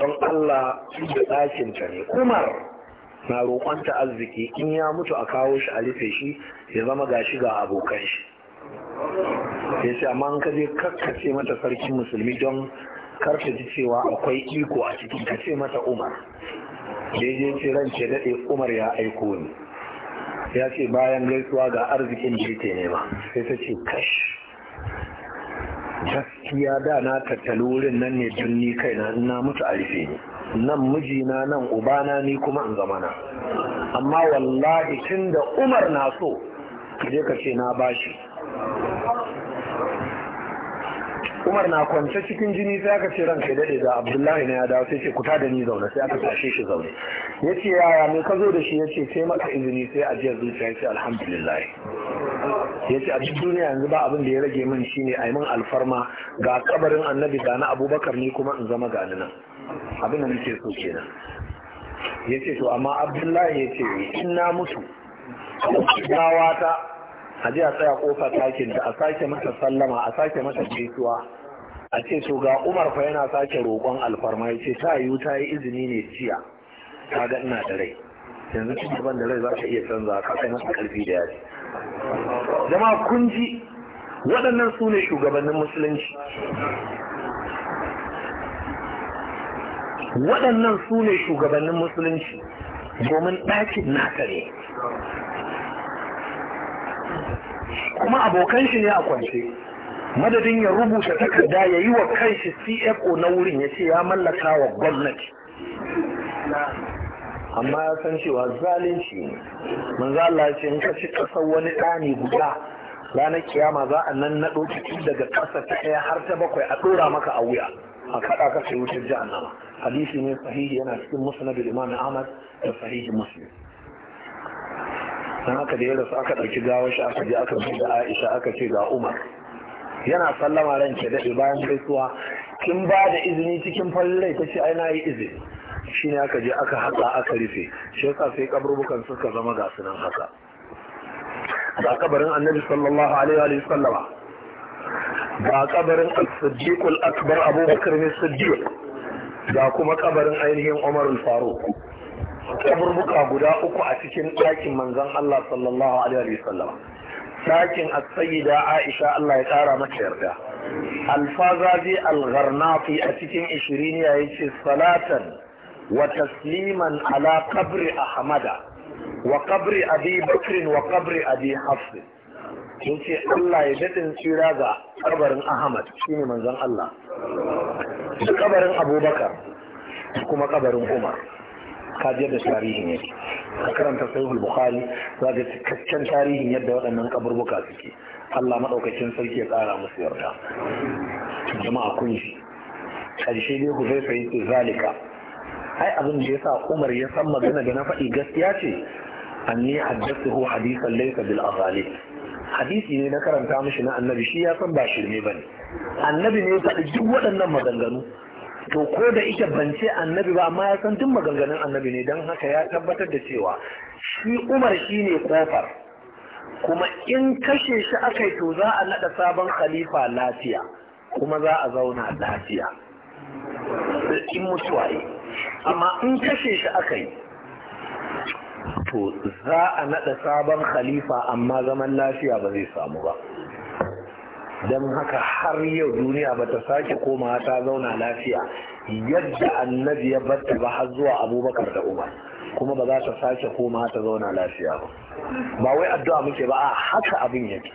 don Allah da ɗakin ta ne umar na roƙon ta arziki in ya mutu a kawo shi a rufe shi ya zama gashi ga abokan shi ya ce amma an kaje kakkace mata sarkin musulmi don karka ji cewa akwai iko a cikin ka ce mata umar da ya je ce ran ce daɗe umar ya aiko ni ya ce bayan gaisuwa ga arzikin da yake nema sai ta ce kash gaskiya da na tattali wurin nan ne don ni kaina na mutu a rufe ne nan mijina nan ubana ni kuma in zama na. amma wallahi tun da umar na so je ka ce na bashi umar na kwance cikin jini sai aka ce ranka ya dade ga abdullahi na ya dawo sai ce kuta da ni zaune sai aka tashe shi zaune ya ce yaya me ka zo da shi ya ce sai maka izini sai ajiyar jiya zuciya ya ce alhamdulillah ya ce a duk duniya yanzu ba abin da ya rage min shine a yi min alfarma ga kabarin annabi da na abubakar ne kuma in zama gani nan abin da muke so kenan ya ce to amma abdullahi ya ce in na mutu gawata a jiya a tsaya kofar ɗakin a sake mata sallama a sake mata gaisuwa a ce to ga umar fa yana sake roƙon alfarma ya ce ta yiwu ta yi izini ne jiya ta ga ina da rai yanzu cikin ban da rai za ka iya canza ka kai masa karfi da yaji zama kun ji waɗannan su ne shugabannin musulunci waɗannan su ne shugabannin musulunci domin ɗakin naka ne kuma abokan shi ne a kwance madadin ya rubuta takarda ya yi wa kanshi cfo na wurin ya ce ya mallaka wa gwamnati amma ya san cewa zalunci ne Mun zala ce in ka ci kasar wani ɗani guda ranar kiyama za a nan na tun daga ƙasa ta ɗaya har ta bakwai a ɗora maka a wuya a kaɗa ka sai wutar nama. hadisi ne sahihi yana cikin musu na imam Ahmad da sahihi Muslim don haka da ya rasu aka ɗauki gawar shi aka je aka da aisha aka ce ga umar yana sallama ran ke daɗe bayan gaisuwa kin ba da izini cikin falle ta ce ai na yi izini shi ne aka je aka haɗa aka rufe shi yasa sai kaburbukan suka zama ga nan haka ga kabarin annabi sallallahu alaihi wa sallama ga kabarin as-siddiq al-akbar abubakar ne siddiq ga kuma kabarin ainihin umar al-faruq kaburbuka guda uku a cikin ɗakin manzon Allah sallallahu alaihi wa sallam ɗakin as-sayyida Aisha Allah ya ƙara mata yarda alfazazi al-gharnafi a cikin ishiriniya yace salatan wa tasliman ala qabri ahmada wa qabri abi bakr wa qabri abi hafs yace Allah ya dadin tsira ga kabarin Ahmad shine manzon Allah da kabarin Abubakar kuma kabarin Umar ka da tarihin yake ka karanta sahihul bukhari za ga cikakken tarihin yadda waɗannan kaburbuka suke Allah maɗaukacin sarki ya tsara musu yarda jama'a kun shi karshe dai Huzaifa yace zalika ai abin da yasa Umar ya san magana da na faɗi gaskiya ce anni haddathu hadithan laysa bil azali hadisi ne na karanta mishi na annabi shi ya san ba shirme bane annabi ne ya faɗi duk waɗannan maganganu to ko da ita ban ce annabi ba amma ya san duk maganganun annabi ne don haka ya tabbatar da cewa shi umar shi ne kofar kuma in kashe shi aka yi to za a naɗa sabon khalifa lafiya kuma za a zauna lafiya in mutuwa amma in kashe shi aka yi to za a naɗa sabon khalifa amma zaman lafiya ba zai samu ba don haka har yau duniya ba ta sake komawa ta zauna lafiya yadda annabi ya batta ba har zuwa abubakar da umar kuma ba za ta sake komawa ta zauna lafiya ba ba wai addu'a muke ba a haka abin yake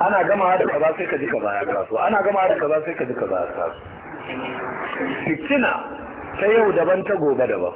ana gama da kaza sai ka ji kaza ya taso ana gama da kaza sai ka ji kaza ya taso fitina ta yau daban ta gobe daban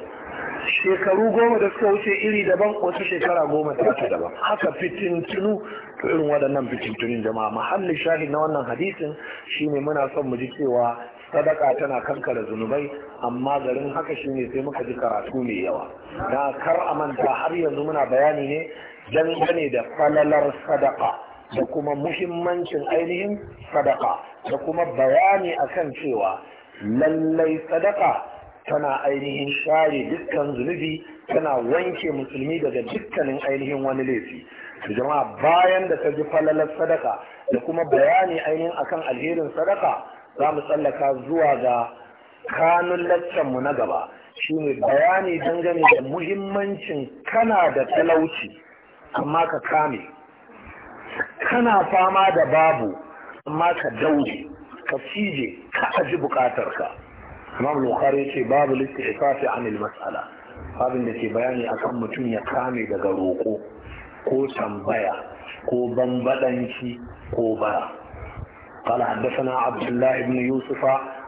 shekaru goma da suka wuce iri daban wasu shekara goma ta wuce daban haka fitintunu to irin waɗannan fitintunun jama'a mahallin shahid na wannan hadisin shine muna son mu ji cewa sadaka tana kankara zunubai amma garin haka shine sai muka ji karatu mai yawa na kar a manta har yanzu muna bayani ne dangane da falalar sadaka da kuma muhimmancin ainihin sadaka da kuma bayani akan cewa lallai sadaka tana ainihin share dukkan zunubi tana wanke musulmi daga dukkanin ainihin wani laifi jama'a bayan da ta ji falalar sadaka da kuma bayani ainihin akan alherin sadaka za mu tsallaka zuwa ga kanun laccanmu na gaba Shi ne bayani dangane da muhimmancin kana da talauci amma ka kame kana fama da babu amma ka daure ka cije ka aji bukatarka امام البخاري في باب الاستعفاف عن المساله هذا da في بيان akan mutum ya kame daga roƙo ko tambaya ko bambadanci قال حدثنا عبد الله بن يوسف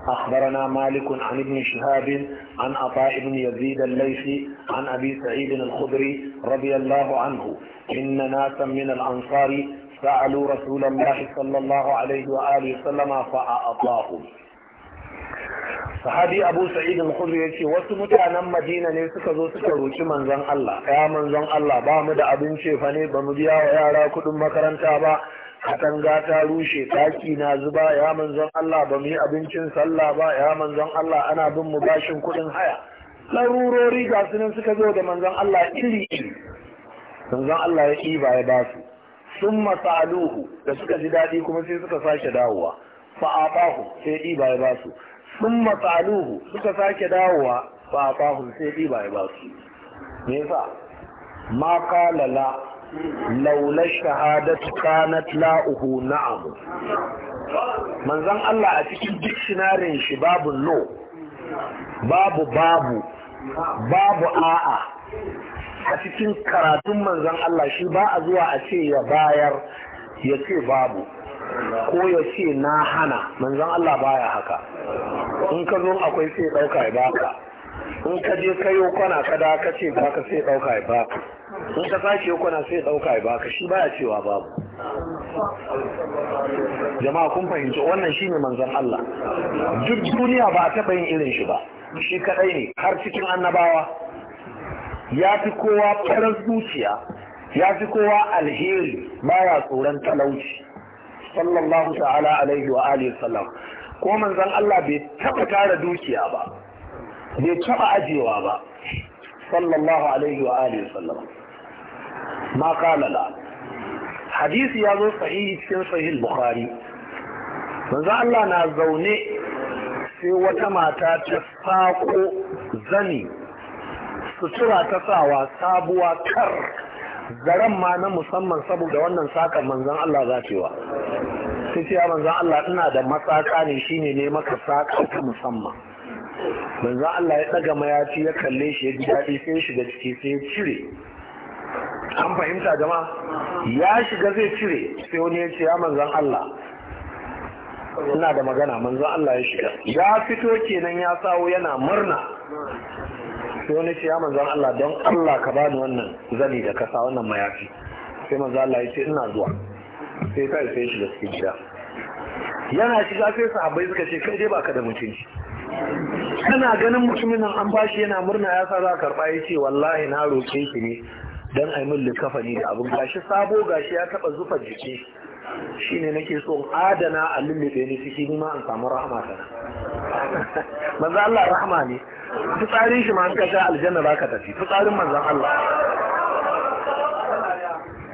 أخبرنا مالك عن ابن شهاب عن عطاء بن يزيد الليثي عن أبي سعيد الخدري رضي الله عنه إن ناسا من الأنصار سألوا رسول الله صلى الله عليه وآله وسلم فأعطاهم sahabi abu sa'id al-khudri yace wasu mutanen madina ne suka zo suka roki manzon Allah ya manzon Allah ba mu da abin cefa ne ba mu biya wa yara kudin makaranta ba katanga ta rushe taki na zuba ya manzon Allah ba mu yi abincin sallah ba ya manzon Allah ana bin mu bashin kudin haya larurori ga su suka zo da manzon Allah iri iri manzon Allah ya ba ya basu sun masaluhu da suka ji daɗi kuma sai suka sake dawowa fa atahu sai diba ya basu Sun matsaluhu suka sake dawowa fa atahu sai diba ya basu me yasa ma qala la laula shahadatu kanat la'uhu na'am manzan Allah a cikin dictionary shi babu no babu babu babu a'a a cikin karatun manzan Allah shi ba a zuwa a ce ya bayar ya ce babu ko ya ce na hana manzon Allah baya haka in ka zo akwai sai dauka ya baka in ka je ka yi kwana ka ka ce baka sai dauka ya baka in ka sake yi kwana sai dauka ya baka shi baya cewa babu jama'a kun fahimci wannan shine manzon Allah duk duniya ba a taɓa yin irin shi ba shi kadai ne har cikin annabawa ya fi kowa farar zuciya ya fi kowa alheri baya tsoron talauci sallallahu ta'ala alaihi wa alihi sallam ko manzon Allah bai taba tara dukiya ba bai taba ajewa ba sallallahu alaihi wa alihi sallam ma qala la hadisi ya zo sahihi cikin sahih bukhari manzon Allah na zaune sai wata mata ta sako zani sutura ta sawa sabuwa kar zaren ma na musamman saboda wannan sakan manzan Allah za wa? sai ce manzan Allah ina da matsaka ne shine ne maka saka ta musamman manzan Allah ya daga mayafi ya kalle shi ya ji daɗi sai ya shiga ciki sai ya cire an fahimta jama ya shiga zai cire sai wani ya ce ya manzan Allah ina da magana manzan Allah ya shiga ya fito kenan ya sawo yana murna sai wani ce ya manzan Allah don Allah ka bani wannan zani da kasa wannan mayafi sai manzan Allah ya ce ina zuwa sai kai sai shi da suke gida yana shiga sai sahabbai suka ce kai dai baka da mutunci kana ganin mutumin nan an bashi yana murna ya sa za a karɓa ya ce wallahi na roƙe shi ne don a yi min likafani da abin gashi sabo gashi ya taba zufa jiki shine nake so in adana a lullube ni ciki ni ma in samu rahama sana manzo Allah rahama ne fitsarin shi ma an aljanna za ka tafi fitsarin manzan Allah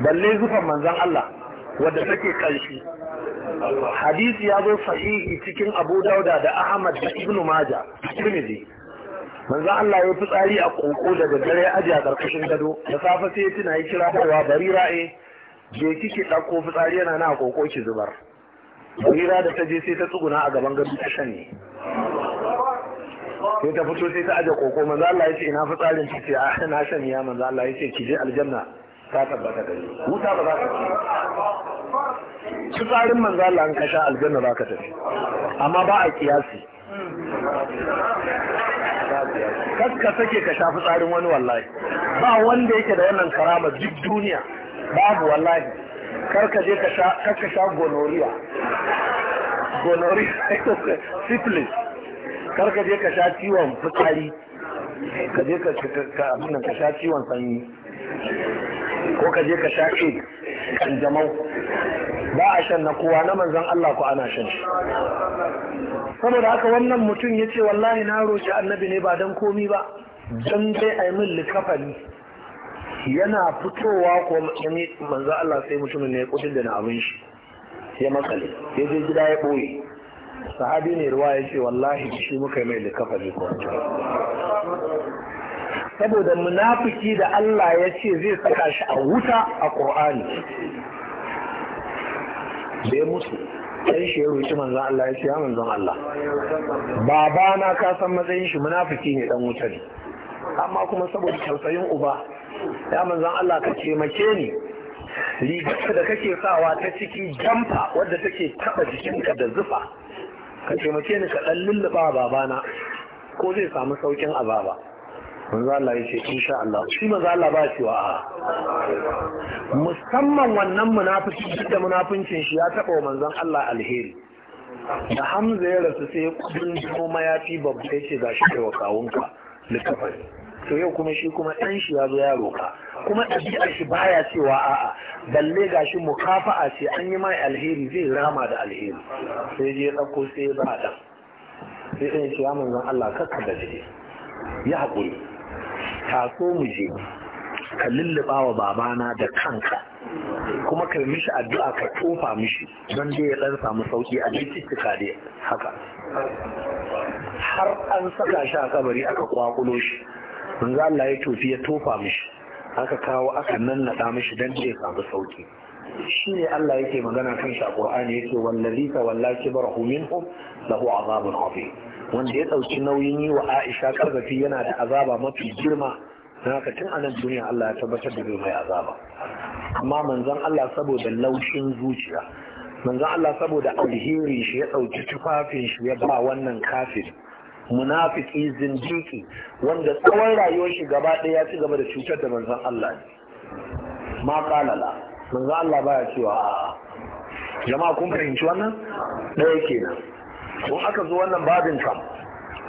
balle zufan manzan Allah wadda take ƙarfi hadisi ya zo sahihi cikin abu dauda da ahmad da ibn maja tirmidhi manzan Allah ya fitsari a koko daga dare aji a ƙarƙashin gado da safe sai tuna yi kira kowa bari ra'e je kike ɗauko fitsari yana na koko ki zubar barira da ta je sai ta tsuguna a gaban gado ta shanye sai ta fito sai ta aje koko manzo Allah ya ce ina fitsarin ki ce a ah, na shan ya manzo Allah ya ce ki je aljanna ta tabbata gare wuta ba za ka ci fitsarin manzo Allah an kasha aljanna za ka tafi amma ba a kiyasi kas ka sake ka sha fitsarin wani wallahi ba wanda yake da wannan karama duk duniya babu wallahi kar ka je ka sha gonoriya gonoriya syphilis kar ka je ka sha ciwon fitsari ka je ka sha ciwon sanyi ko ka je ka sha ce kanjamau ba a shan na kowa na manzan Allah ku ana shan shi saboda haka wannan mutum ya ce wallahi na roƙi annabi ne ba don komi ba don dai a yi min likafani yana fitowa ko manzan Allah sai mutumin ne ya kudin da na abin shi ya makale ya je gida ya ɓoye sahabi ne ruwa ya ce wallahi shi muka yi mai likafa ne saboda munafiki da Allah ya ce zai saka shi a wuta a ƙor'ani bai mutu ɗan shi ya ruci manzan Allah ya ce ya manzan Allah babana ka san matsayin shi munafiki ne dan wuta ne amma kuma saboda tausayin uba ya manzan Allah ka taimake ni rigar da kake sawa ta ciki jamfa wadda take taɓa jikinka da zufa ka taimake ni ka ɗan lulluɓa babana ko zai samu saukin azaba manzo Allah ya ce insha Allah shi manzo Allah ba shi wa musamman wannan munafiki da munafincin shi ya taba manzon Allah alheri da Hamza ya rasu sai kudin kuma ya fi babba ya ce gashi kai wa kawunka likafai to yau kuma shi kuma ɗan shi ya zo ya roka kuma ɗabi'ar shi baya cewa a'a balle gashi mukafa'a ce an yi mai alheri zai rama da alheri sai je ɗauko sai ba ba ɗan sai ɗan ce ya manzan Allah kakka da jide ya haƙuri taso mu je ka lullaba wa babana da kanka kuma ka mishi addu'a ka tofa mishi don dai ya ɗan samu sauƙi a cututtuka dai haka har an saka shi a kabari aka kwakulo shi manzo Allah ya tofi ya tofa mishi aka kawo aka nannaɗa mishi dan ya samu sauki shi ne Allah yake magana kan shi a Qur'ani yake wallazi ka wallaki barahu minhum lahu azabun azim wanda ya dauki nauyin yi wa Aisha karfafi yana da azaba mafi girma don haka tun anan duniya Allah ya tabbatar da mai azaba amma manzon Allah saboda laushin zuciya manzon Allah saboda alheri shi ya dauki tufafin shi ya ba wannan kafir munafiki zindiki wanda tsawon rayuwar shi gaba ɗaya ya ci gaba da cutar da manzan Allah ne ma kalala manzan Allah baya cewa a jama'a kun fahimci wannan ɗaya kenan kun aka zo wannan babin kam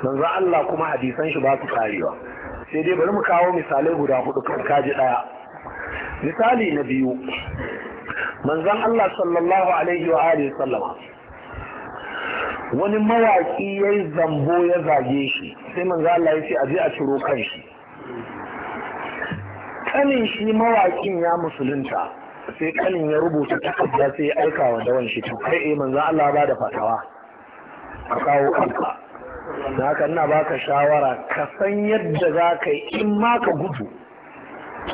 manzan Allah kuma hadisan shi ba su karewa sai dai bari mu kawo misalai guda hudu kan kaji ɗaya misali na biyu manzan Allah sallallahu alaihi wa alihi sallama wani mawaƙi ya yi zambo ya zage shi sai manzo Allah ya ce a je a ciro kan shi kanin shi mawakin ya musulunta sai kanin ya rubuta takarda sai ya aika wa dawan shi to kai eh manzo Allah ba da fatawa a kawo kanka na haka ina baka shawara ka san yadda za ka yi in ma ka gudu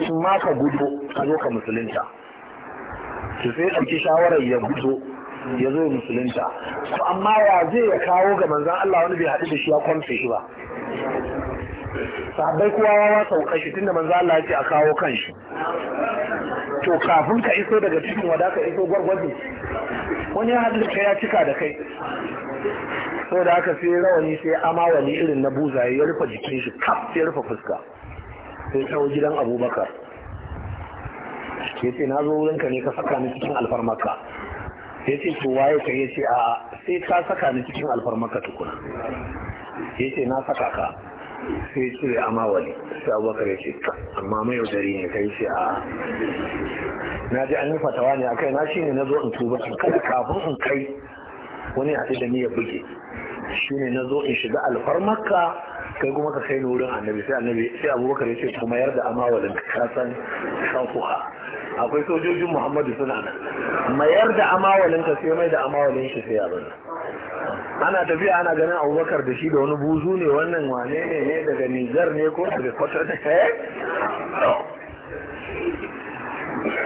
in ma ka gudu ka zo ka musulunta ki sai ɗauki shawarar ya gudu ya zo musulunta to amma ya zai ya kawo ga manzan Allah wani bai haɗu da shi ya kwamfe shi ba Sabai kowa ya wasa sauka shi tunda manzan Allah ya ce a kawo kan shi to kafin ka iso daga cikin wada iso gwargwaje wani ya haɗu da kai ya cika da kai sau da aka sai rawani sai ama wani irin na buza ya rufe jikin shi kaf sai rufe fuska sai kawo gidan abubakar ya ce na zo wurinka ne ka saka ni cikin alfarmaka ya ce to waye ka ya ce a sai ka saka ni cikin alfarmaka tukuna ya ce na saka ka sai ce a wani sai abubakar ya ce amma mai yaudari ne kai ce a na ji an yi fatawa ne a kai na shi ne na zo in tuba in kada kafin in kai wani a da ni ya buge shi ne na zo in shiga alfarmaka kai kuma ka sai nurin wurin annabi sai annabi sai abubakar ya ce kuma yar da amawalin ka san san kuha akwai sojojin muhammadu suna nan mayar da amawalin ka sai mai da amawalin shi sai ya bani ana tafiya ana ganin abubakar da shi da wani buzu ne wannan wane ne ne daga nizar ne ko daga kwatar da eh?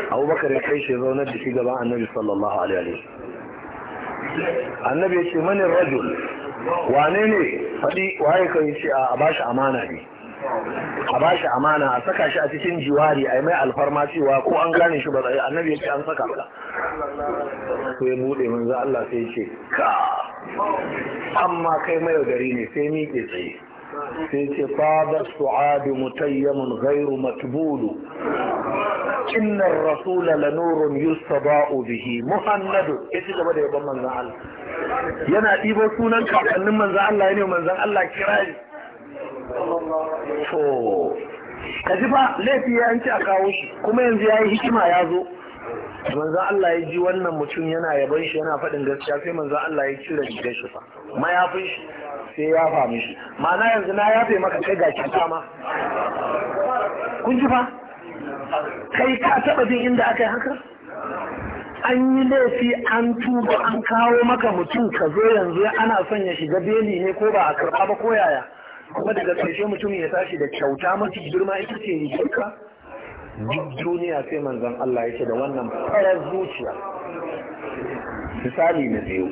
abubakar ya kai shi zaunar da shi gaban annabi sallallahu alaihi annabi ya ce mani rajul wane ne faɗi waye kan ce a bashi amana ne a bashi amana a saka shi a cikin jiwari a yi mai alfarma cewa ko an gane shi ba tsaye annabi ya ce an saka ba to ya buɗe mun za Allah sai ce ka amma kai mai gari ne sai miƙe tsaye sai ce fada su'adu mutayyamun ghairu matbulu inna ar-rasula lanurun yustaba'u bihi muhammadu ya ci gaba da yaban manzon Allah yana ɗibo sunan kakannin manzan Allah ya ne manzan Allah kirari to ka ji fa laifi ya yanci a kawo shi kuma yanzu ya yi hikima ya zo manzan Allah ya ji wannan mutum yana yaban shi yana faɗin gaskiya sai manzan Allah ya cire rigar shi fa mayafin shi sai ya fami shi ma'ana yanzu na yafe maka kai ga kyauta ma kun ji fa kai ka taɓa jin inda aka yi haka an yi laifi an tuba an kawo maka mutum ka zo yanzu ana son ya shiga beli ne ko ba a karɓa ba ko yaya kuma daga ƙarshe mutum ya tashi da kyauta mafi girma ita ce duka. duk duniya sai manzon Allah yake da wannan farar zuciya misali na biyu